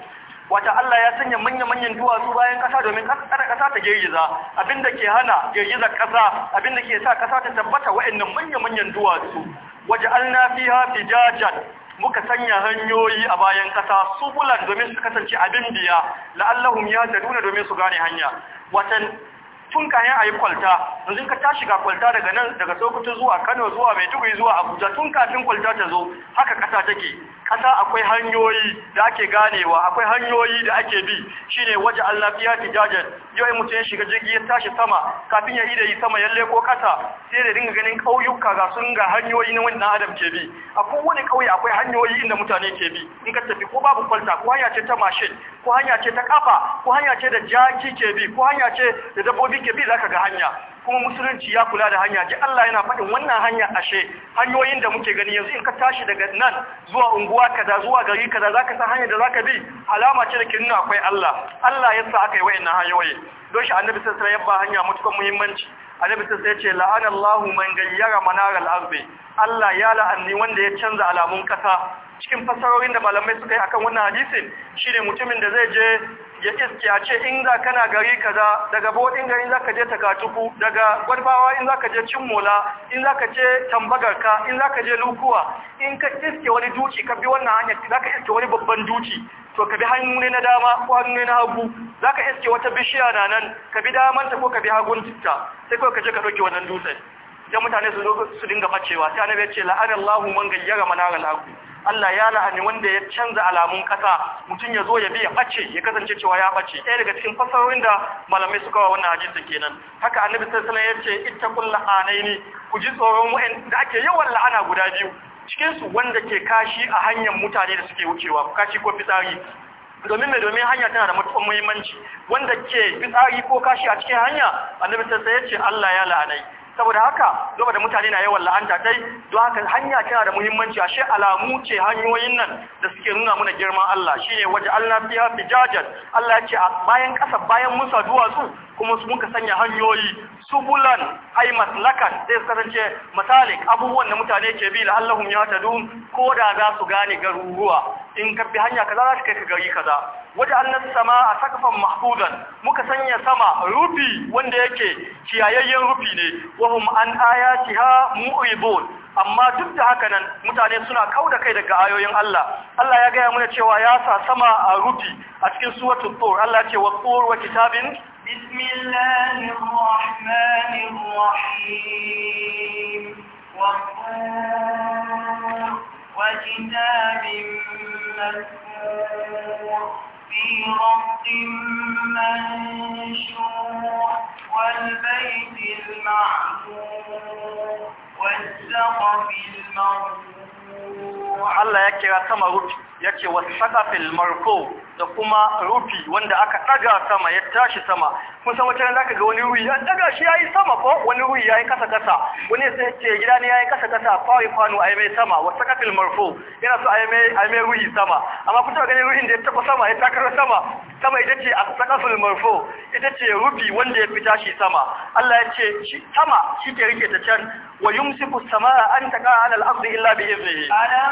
wata Allah ya sanya manya-manyan duwatsu bayan ƙasa domin ƙasar kasa ta girgiza abinda ke hana girgizar ƙasa abinda ke sa kasa ta tabbata wa'annan manya-manyan duwatsu waje an na muka sanya hanyoyi a bayan ƙasa subulan domin su kasance abin biya la'allahum ya domin su gane hanya watan tun kayan a yi kwalta yanzu ka ta shiga kwalta daga nan daga sokoto zuwa kano zuwa maiduguri zuwa abuja tun kafin kwalta ta zo haka ƙasa take kasa akwai hanyoyi da ake ganewa akwai hanyoyi da ake bi shine waje allah fiya tijajen yau mutum ya shiga jirgi ya tashi sama kafin ya da yi sama yalle ko kasa sai da dinga ganin kauyuka ga sun ga hanyoyi na wani adam ke bi a kowane kauye akwai hanyoyi inda mutane ke bi in ka tafi ko babu kwalta ko hanya ce ta mashin ko hanya ce ta kafa ko hanya ce da jaki ke bi ko hanya ce da dabbobi kake bi zaka ga hanya kuma musulunci ya kula da hanya ji Allah yana faɗin wannan hanya ashe hanyoyin da muke gani yanzu in ka tashi daga nan zuwa unguwa kaza zuwa gari kaza zaka san hanyar da zaka bi alama ce da ke nuna akwai Allah Allah ya sa aka yi wayannan hanyoyi don shi annabi sai sai ya ba hanya mutukan muhimmanci annabi sai sai ya ce la'anallahu man gayyara manaral ardi Allah ya la'anni wanda ya canza alamun kasa cikin fasarorin da malamai suka yi akan wannan hadisin shine mutumin da zai je ya iskiya ce in za kana gari kaza daga bodin gari za ka je takatuku daga gwadbawa in za ka je cimmola in za ka je tambagarka in za ka je lukuwa in ka iske wani duci ka bi wannan hanyar za ka iske wani babban duci, to ka bi hannu ne na dama ko hannu ne na hagu za ka iske wata bishiya na nan ka bi damanta ko ka bi hagunta sai kawai ka je ka ɗauki wannan dutsen sai mutane su dinga ɓacewa sai annabi ya ce la'anallahu man gayyara manaral hagu Allah ya la'ani wanda ya canza alamun kasa mutum ya zo ya bi ya bace ya kasance cewa ya bace ɗaya daga cikin fasarorin da malamai suka wa wannan hadisin kenan haka annabi sallallahu alaihi wasallam ya ce ittaqul la'anaini ku ji tsoron wa'in da ake yawan la'ana guda biyu cikin su wanda ke kashi a hanyar mutane da suke wucewa kashi ko fitsari domin mai domin hanya tana da matuƙar muhimmanci wanda ke fitsari ko kashi a cikin hanya annabi sallallahu alaihi wasallam ya Allah ya la'anai saboda haka zuba da mutane na yawan la'anta dai don haka hanya tana da muhimmanci ashe alamu ce hanyoyin nan da suke nuna muna girman Allah Shi ne waje Allah Allah ya ce bayan kasa bayan musa duwatsu kuma su muka sanya hanyoyi subulan ay maslakan sai su kasance masalik abubuwan da mutane ke bi la'allahum dum ko da za su gane garuruwa in ka bi hanya kaza za ta kai ka gari kaza waje sama a sakafan mahfudan muka sanya sama rufi wanda yake Kiyayayyen rufi ne wahum an ha mu'ribun amma duk da haka nan mutane suna kauda kai daga ayoyin Allah Allah ya gaya mana cewa ya sa sama a rufi a cikin suratul tur Allah ya ce wa tur wa kitabin بسم الله الرحمن الرحيم والطور وكتاب مسكور في رق منشور والبيت المعمور والسقف المرفوع Allah ya kira sama rufi ya ce wasu sakafil marko da kuma rufi wanda aka ɗaga sama ya tashi sama kun san wata za ka ga wani ruhi ya ɗaga shi ya yi sama ko wani ruhi ya yi kasa kasa wani sai ce gida ne ya yi kasa kasa fawai kwano a yi mai sama wasu sakafil marko yana so a yi mai ruhi sama amma kun taɓa ganin ruhin da ya taɓa sama ya takara sama sama ita ce a sakafin marko ita ce rufi wanda ya fi tashi sama Allah ya ce sama shi ke rike ta can wa yumsiku samaa an taƙa ala al illa bi iznihi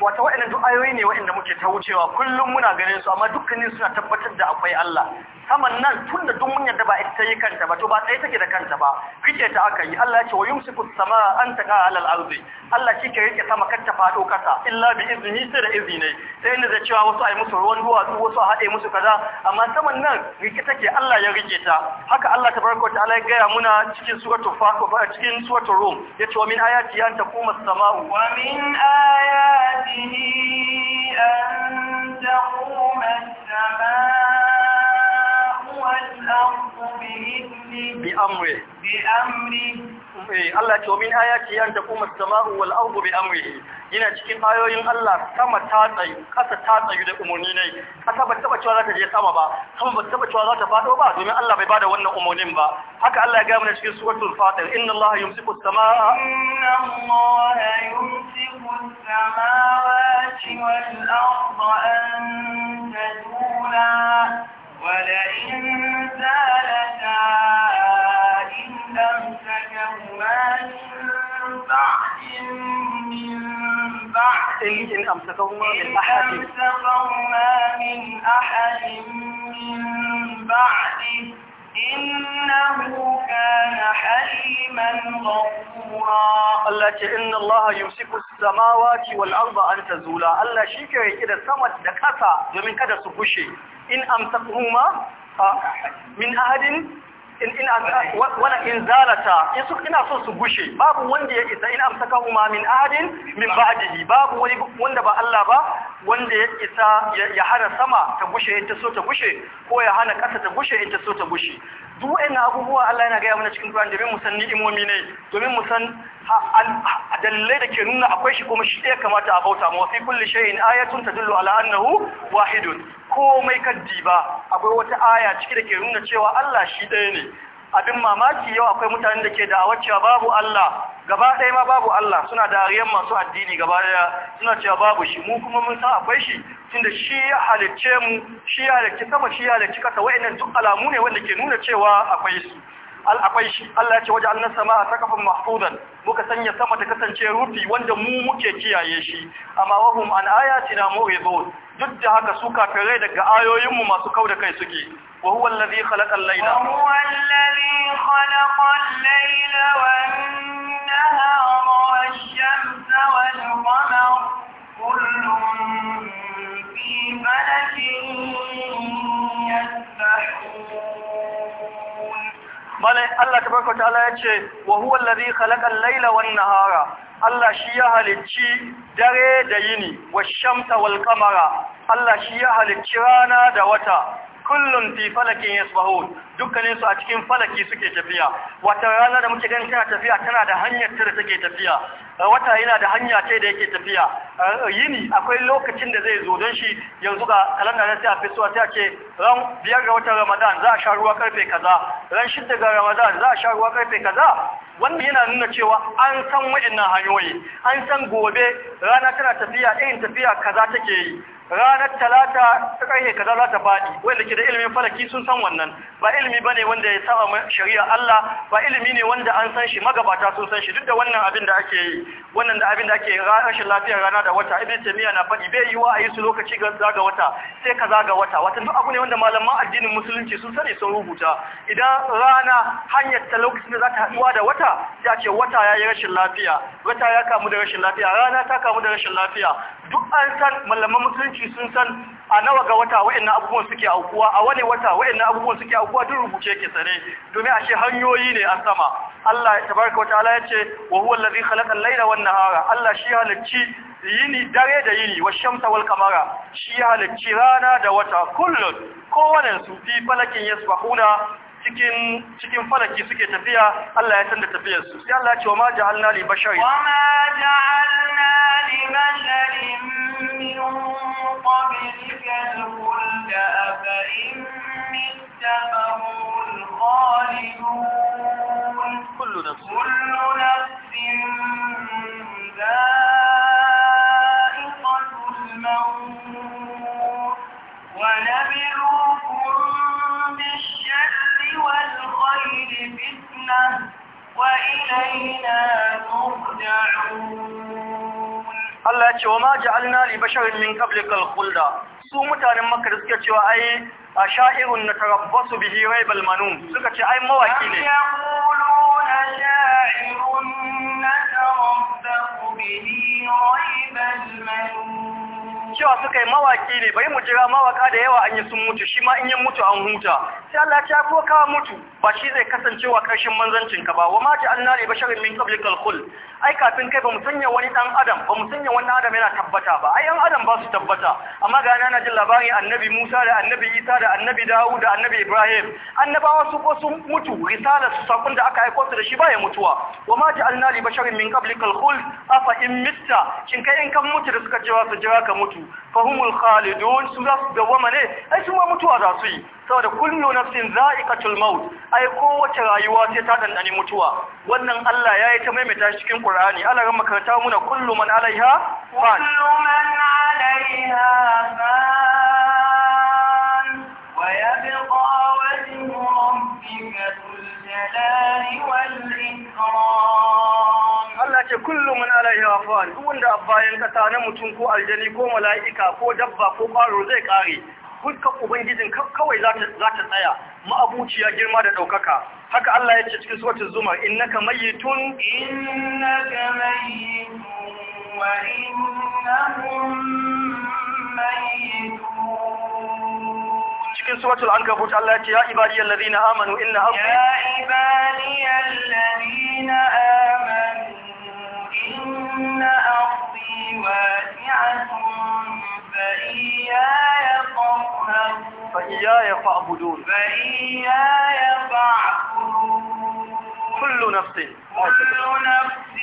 wata waɗannan duk ayoyi ne waɗanda muke ta wucewa kullum muna ganin su amma dukkanin suna tabbatar da akwai Allah saman nan tun da duk mun yarda ba ita yi kanta ba to ba tsaye take da kanta ba rike ta aka yi Allah ya ce wa yumsiku samaa an ta ala al-ardi Allah shi ke rike sama kanta fado kasa illa bi izini sai da izini sai ne da cewa wasu ai musu ruwan duwatsu wasu a haɗe musu kaza amma saman nan rike take Allah ya rike ta haka Allah tabaraka ta'ala ya gaya muna cikin suratul fatir cikin suratul rum ya wa min ayati an taquma as-samaa wa min ayati به أن تقوم السماء والأرض بإذنه بأمره بأمره Allah ce min ayati yan taquma kuma samau wal ardu bi amrihi yana cikin ayoyin Allah sama ta tsayu kasa ta tsayu da umarni ne kasa ba taba cewa za ta je sama ba sama ba taba cewa za ta fado ba domin Allah bai bada wannan umarnin ba haka Allah ya ga mana cikin suratul fatir inna Allah yumsiku as-samaa inna Allah yumsiku as-samawati wal arda an tadula ولئن زالتا إن أمسكهما من بعد من بعد إن أمسكهما من أحد أمسكهما من أحد من بعده إنه كان حليما غفورا الله إن الله يمسك السماوات والأرض أن تزولا ألا شكرا كده سمت دكتا ومن كده سبشي in amsakuhuma min ahadin in ina wala in zalata in su ina so su gushe babu wanda ya isa in amsaka huma min ahadin min ba'dihi babu wani wanda ba Allah ba wanda ya isa ya hana sama ta gushe in ta so ta gushe ko ya hana ƙasa ta gushe in ta so ta gushe duk wannan abubuwa Allah yana gaya mana cikin Qur'ani domin mu san ni'imomi ne domin mu san dalilai da ke nuna akwai shi kuma shi ɗaya kamata a bauta ma wa fi kulli shay'in ayatun tadullu ala annahu wahidun komai kaddi ba akwai wata aya ciki da ke nuna cewa Allah shi ɗaya ne abin mamaki yau akwai mutanen da ke da'awar cewa babu Allah gaba ɗaya ma babu Allah suna dariyar masu addini gaba ɗaya suna cewa babu shi mu kuma mun san akwai shi tunda shi ya halicce mu shi ya halicci sama shi ya halicci kasa wa'annan duk alamu ne wanda ke nuna cewa akwai su al akwai shi Allah ya ce waje annan sama a sakafan mahfuzan muka sanya sama ta kasance rufi wanda mu muke kiyaye shi amma wahum an ayatina mu'ridun duk da haka su kafirai daga ayoyinmu masu kau da kai suke wa huwa allazi khalaqa al-layla wa huwa allazi khalaqa al-layla wan nahara wash-shamsa wal-qamara kullun fi falakin yasbahun malai Allah tabaraka ta'ala ya ce wa huwa allazi khalaqa al-laila wan-nahara Allah shi ya halicci dare da yini wash-shamsa wal-qamara Allah shi ya halicci rana da wata kullum fi falakin yasbahun dukkanin su a cikin falaki suke tafiya wata rana da muke ganin tana tafiya tana da hanyar ta da take tafiya Eh, wata yana da hanya ce da yake tafiya eh, yini akwai lokacin da zai zo don shi yanzu ga kalanda na sai a fisuwa sai a ce ran biyar ga watan ramadan za a sha ruwa karfe kaza ran shidda ga ramadan za a sha ruwa karfe kaza wannan yana nuna cewa an san wa'annan hanyoyi an san gobe rana tana tafiya irin tafiya kaza take yi ranar talata ta ƙarfe kaza za ta faɗi wanda ke da ilimin falaki sun san wannan ba ilimi ba ne wanda ya saba shari'a Allah ba ilimi ne wanda an san shi magabata sun san shi duk da wannan abin da ake yi wannan da abin da ake rashin lafiyar rana da wata ibn taymiya na faɗi bai yiwa a yi su lokaci ga zaga wata sai ka zaga wata wata duk abu ne wanda malaman addinin musulunci sun sani sun rubuta idan rana hanyar ta lokacin da za ta haɗuwa da wata ya ce wata ya yi rashin lafiya wata ya kamu da rashin lafiya rana ta kamu da rashin lafiya duk an san malaman musulunci sun san a nawa ga wata wa'annan abubuwan suke aukuwa a wani wata wa'annan abubuwan suke aukuwa duk rubuce ke tsare? domin ashe hanyoyi ne a sama Allah tabaraka wataala yace wa huwa allazi khalaqa al-laila wan-nahara Allah shi halicci yini dare da yini wa shamsa wal kamara shi halicci rana da wata kullun Kowane su fi falakin yasbahuna cikin cikin falaki suke tafiya Allah ya san da tafiyar su sai Allah ya ce wa ma ja'alna li bashari wa ma ja'alna li basharin min qablika al-khuld afa in mitta khalidun kullu nafsin kullu nafsin dha'iqatul maut wa الفتنة وإلينا Allah ya ce wa ma ja'alna li basharin min qablikal khulda su mutanen Makka da suke cewa ai a sha'irun natarabbasu bihi raibal manum suka ce ai mawaki ne yaquluna sha'irun cewa suka yi mawaki ne bai mu jira mawaka da yawa an yi sun mutu shi ma in yi mutu an huta sai Allah ya ko ka mutu ba shi zai kasance wa karshen manzancin ka ba wa ma ja'alna ba basharin min qablikal khul ai kafin kai ba mu sanya wani dan adam ba mu sanya wani adam yana tabbata ba ai yan adam ba su tabbata amma ga na jin labarin annabi Musa da annabi Isa da annabi Dawud da annabi Ibrahim annabawa su ko sun mutu risala su sakon da aka aika su da shi ba ya mutuwa wa ma ja'alna ba basharin min qablikal khul afa in mitta kin kai in kan mutu da suka cewa su jira ka mutu fahimul Khalidu su za su dawama ne ai su mutuwa za su yi saboda kullu nafsin za'iqatul maut ai kowace rayuwa sai ta dandani mutuwa wannan Allah ya yi ta maimaita shi cikin Qur'ani Allah ran makaranta muna kullu man alaiha fan kullu man alaiha fan wa yabqa wajhu rabbika dhul jalali wal ikram Allah ce kullum mun alaihi rafan duk wanda bayan kasa na mutum ko aljani ko mala'ika ko dabba ko ƙwaro zai kare fuskar ubangijin kawai za ta tsaya ma'abuciya girma da ɗaukaka haka Allah ya ce cikin suratul zumar innaka mayyitun innaka mayyitun wa innahum mayyitun cikin suratul ankabut Allah ya ce ya ibadiyal ladina amanu inna amri ya ibadiyal amanu فإياي فأبدون فإياي فأبدون كل نفس كل نفس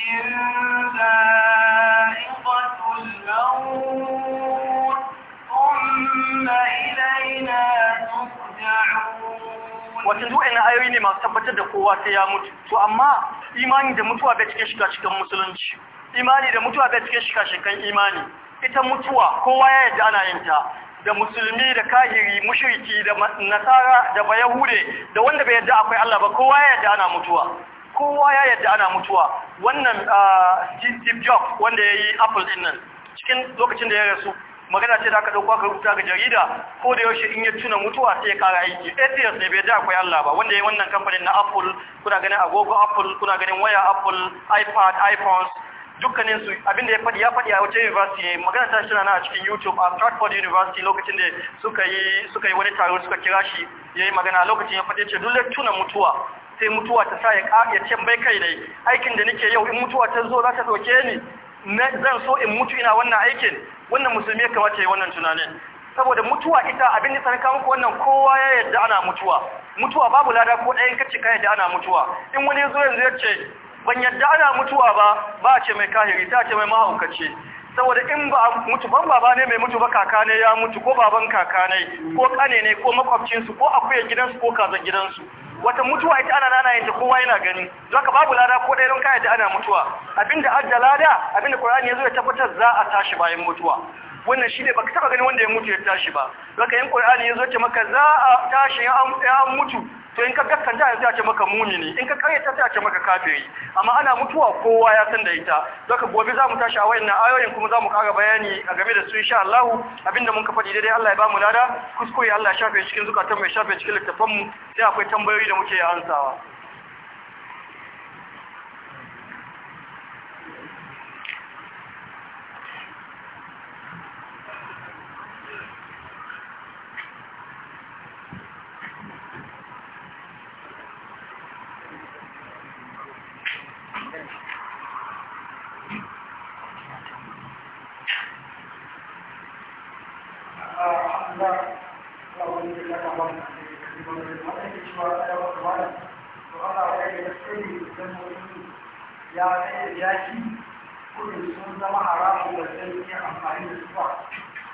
ذائقة الموت ثم إلينا ترجعون wata du'in ayoyi ne masu tabbatar da kowa sai ya mutu to amma imani da mutuwa bai cikin shiga cikin musulunci imani da mutuwa bai cikin shiga cikin imani ita mutuwa kowa ya yarda ana yin ta da musulmi da kahiri mushriki da nasara da bayahude da wanda bai yadda akwai Allah ba kowa ya yadda ana mutuwa kowa ya yadda ana mutuwa wannan ah, Steve Jobs wanda yayi Apple din nan cikin lokacin da ya rasu magana ce da aka dauko aka rubuta ga jarida ko da yaushe in ya tuna mutuwa sai ya kara aiki atheist ne bai yadda akwai Allah ba wanda yayi wannan kamfanin na Apple kuna ganin agogo Apple kuna ganin waya Apple iPad iPhones dukkanin su abinda ya faɗi ya faɗi a wata university magana ta shi na a cikin YouTube a Stratford University lokacin da suka yi wani taro suka kira shi ya yi magana lokacin ya faɗi ce dole tuna mutuwa sai mutuwa ta sa ya ce bai kai dai aikin da nake yau in mutuwa ta zo za ta doke ni zan so in mutu ina wannan aikin wannan musulmi ya kamata yi wannan tunanin saboda mutuwa ita abin da sanaka muku wannan kowa ya yadda ana mutuwa mutuwa babu lada ko ɗayan kacce ka da ana mutuwa in wani zo yanzu ya ce ban yadda ana mutuwa ba ba ce mai kahiri ta ce mai mahaukaci saboda in ba mutu ban baba ne mai mutu ba kaka ya mutu ko baban kaka ne ko kane ne ko makwabcinsu ko akuya gidansu ko kazan gidansu wata mutuwa ita ana nana ta kowa yana gani zaka babu lada ko ɗaya don ka ana mutuwa abinda adda lada abinda qur'ani yazo ya tabbatar za a tashi bayan mutuwa wannan shine baka taba gani wanda ya mutu ya tashi ba zaka yin qur'ani yazo ce maka za a tashi ya an mutu to in ka gaskanta sai a ce maka muni ne, in ka karyata sai a ce maka kafiri amma ana mutuwa kowa ya san da ita zaka gobe za mu tashi a wayannan ayoyin kuma za mu kara bayani a game da su insha Allah abinda mun ka faɗi daidai Allah ya ba mu lada kuskure Allah ya shafe cikin zukatan mai shafe cikin littafan mu sai akwai tambayoyi da muke ansawa zama haramun da zai amfani da su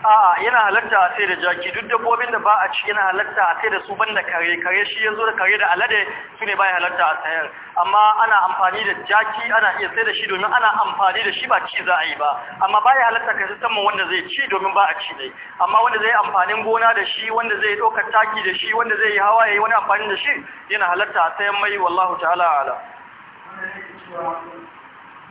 a'a yana halatta a sai da jaki duk dabbobin da ba a ci yana halatta a sai da su banda kare kare shi yanzu da kare da alade su ne baya halatta a sayar amma ana amfani da jaki ana iya sai da shi domin ana amfani da shi ba ci za a yi ba amma baya halatta ka musamman wanda zai ci domin ba a ci dai amma wanda zai amfanin gona da shi wanda zai ɗaukar taki da shi wanda zai yi hawa ya yi wani amfani da shi yana halatta a sayan mai wallahu ta'ala ala. sannan a mafi da zama su suka gada wajen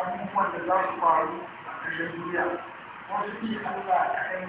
abubuwan da za su faru a ƙarshen duniya wasu bi Allah kai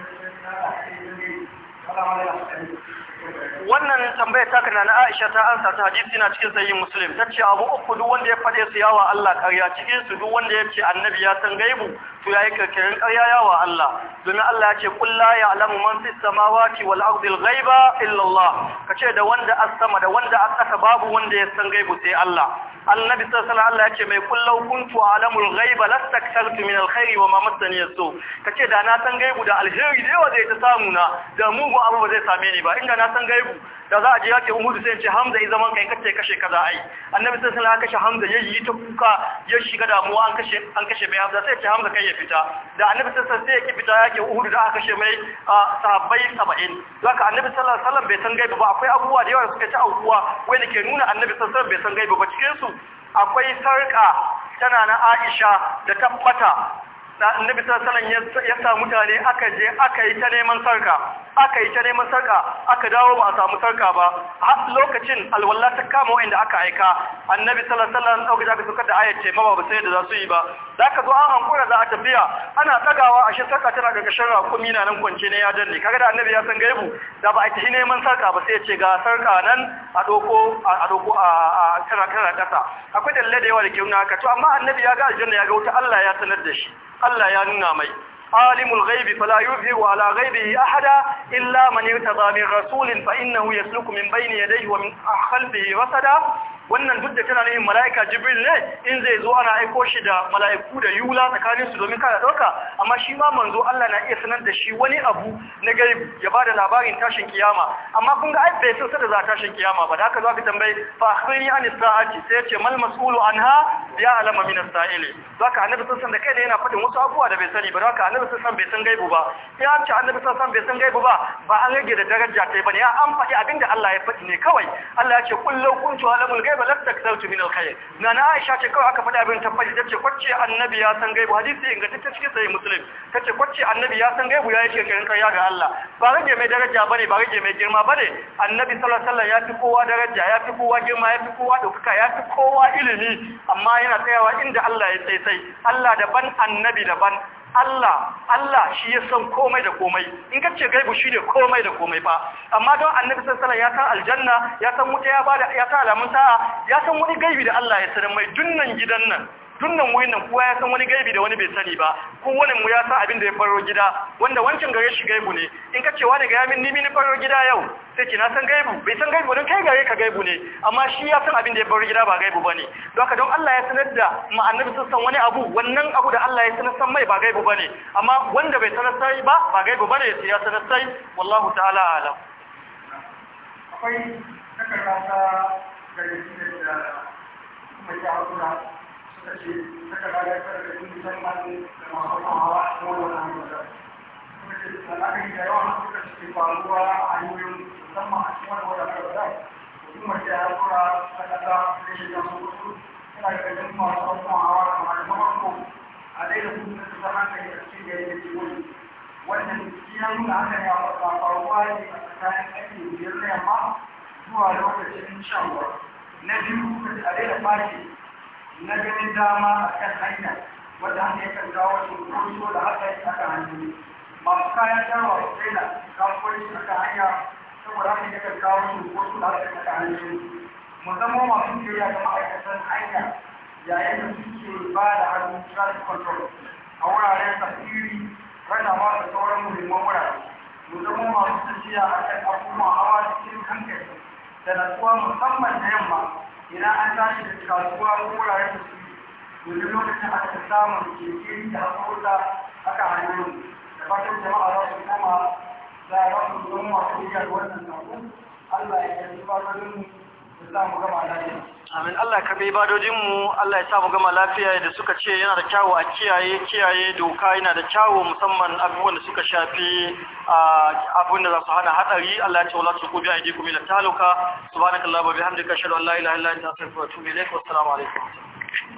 wannan tambayar ta kana na Aisha ta ansa ta hadisi na cikin sahihin Muslim tace abu uku duk wanda ya fade su yawa Allah ƙarya cikin su duk wanda ya ce annabi ya san gaibu to yayi karkirin ƙarya yawa Allah domin Allah ya ce qul la ya'lamu man fis samawati wal ardi al ghaiba illa Allah kace da wanda as sama da wanda akasa babu wanda ya san gaibu sai Allah annabi sallallahu alaihi wasallam Allah ya ce mai kullau kuntu alamul ghaiba lastaktartu min al khairi wa ma massani yasu kace da na san gaibu da alheri da yawa zai ta samu na da mu kuma abu ba zai same ni ba inda na san gaibu da za a je yake umudu sai ce hamza ya zaman kai kace kashe kaza ai annabi sai sai kashe hamza ya yi ta kuka ya shiga damuwa an kashe an kashe mai hamza sai ce hamza kai ya fita da annabi sai sai yake fita yake umudu da aka kashe mai sahabbai 70 haka annabi sallallahu alaihi wasallam bai san gaibu ba akwai abubuwa da yawa suka ci aukuwa wanda ke nuna annabi sallallahu alaihi wasallam bai san gaibu ba cikin su akwai sarka tana na Aisha da tabbata annabi sallallahu alaihi wasallam ya sa mutane aka je aka yi ta neman sarka aka yi ta neman sarka aka dawo ba a samu sarka ba har lokacin alwala ta kama wanda aka aika annabi sallallahu alaihi wasallam dauka da sokar da ayat ce ma ba sai da za su yi ba zaka zo an hankura za a tafiya ana tagawa shi sarka tana sharra rakumi na nan kwance ne ya danne kaga da annabi ya san gaibu da ba a yi neman sarka ba sai ya ce ga sarka nan a doko a doko a tsara kasa akwai dalilai da yawa da ke nuna haka to amma annabi ya ga aljanna ya ga wuta Allah ya sanar da shi Allah ya nuna mai alimul ghaibi fala yuzhiru ala ghaibihi ahada illa man yatazami rasulin fa innahu yasluku min bayni yadayhi wa min khalfihi wa sada wannan duk da tana ne mala'ika jibril ne in zai zo ana aiko shi da mala'iku da yula tsakanin su domin kada dauka amma shi ma manzo Allah na iya sanar da shi wani abu na gari ya ba da labarin tashin kiyama amma kun ga ai bai san sada za tashin kiyama ba da haka zaka tambaye fa akhbirni an sa'ati sai ya ce mal mas'ulu anha ya alama min as-sa'ili zaka annabi sun san da kai ne yana faɗin wasu abubuwa da bai sani ba zaka annabi sun san bai san gaibu ba ya ce annabi sun san bai san gaibu ba ba an rage da daraja kai bane ya an faɗi abinda Allah ya faɗi ne kawai Allah ya ce kullu kuntu alamul al-ghaiba la min na na Aisha ce kawai aka faɗa abin tabbaci tace kwacce annabi ya san gaibu hadisi ingantacce cikin sahih muslim tace kwacce annabi ya san gaibu ya yi shekarun karya ga Allah ba rage mai daraja bane ba rage mai girma bane annabi sallallahu alaihi wasallam ya fi kowa daraja ya fi kowa girma ya fi kowa dokaka ya fi kowa ilimi amma yana tsayawa inda Allah ya sai sai Allah daban annabi daban Allah Allah shi ya san komai da komai in ka ce gaibu shi ne komai da komai fa amma don annabi sallallahu alaihi ya san aljanna ya san wuta ya da ya san alamun sa'a ya san wani gaibi da Allah ya sanar mai dunnan gidan nan dunnan wurin nan kowa ya san wani gaibi da wani bai sani ba wani mu ya san abin da ya faro gida wanda wancan gare shi gaibu ne in ka ce wani ga yamin nimi ni faro gida yau sai ki na san gaibu bai san gaibu don kai gare ka gaibu ne amma shi ya san abin da ya faro gida ba gaibu bane don haka don Allah ya sanar da mu annabi sun san wani abu wannan abu da Allah ya sanar san mai ba gaibu bane amma wanda bai sanar sai ba ba gaibu bane sai ya sanar sai wallahu ta'ala alam akwai takarda ta da da kuma ya hakura wannan ya nuna haka ya faɗa faruwa ne a tsakanin ƙarfe biyar na yamma zuwa lokacin shan ruwa na biyu a daina fashe na ganin dama a kan hanya wanda hanyar kan jawo cunkoso da haka yi aka hanyoyi masu kayan su a tsela kasuwanci aka hanya saboda haka yi kan jawo cunkoso da haka yi aka hanyoyi mu zama masu biyayya ga ma'aikatan hanya yayin da suke ba da hannu traffic control a wuraren tafiri ranawa da sauran muhimman wurare mu zama masu tafiya a kan abubuwan hawa cikin hankali da natsuwa musamman da yamma ina an tashi da kasuwa ko wuraren su wani lokacin aka samun keke da haƙoƙa aka hanyoyi da fatan jama'a za su koma za a yi wasu masu iya wannan sako Allah ya yi fasarin mu amin Allah ka bai badojinmu Allah ya samu gama lafiya da suka ce yana da kyawu a kiyaye kiyaye doka yana da kyawu musamman abubuwan da suka shafi abun da za su hana hadari Allah ya ce wala su kubi a idiku na taluka subhanakallahumma bihamdika ashhadu an la ilaha illa anta astaghfiruka wa atubu ilaik wa assalamu alaikum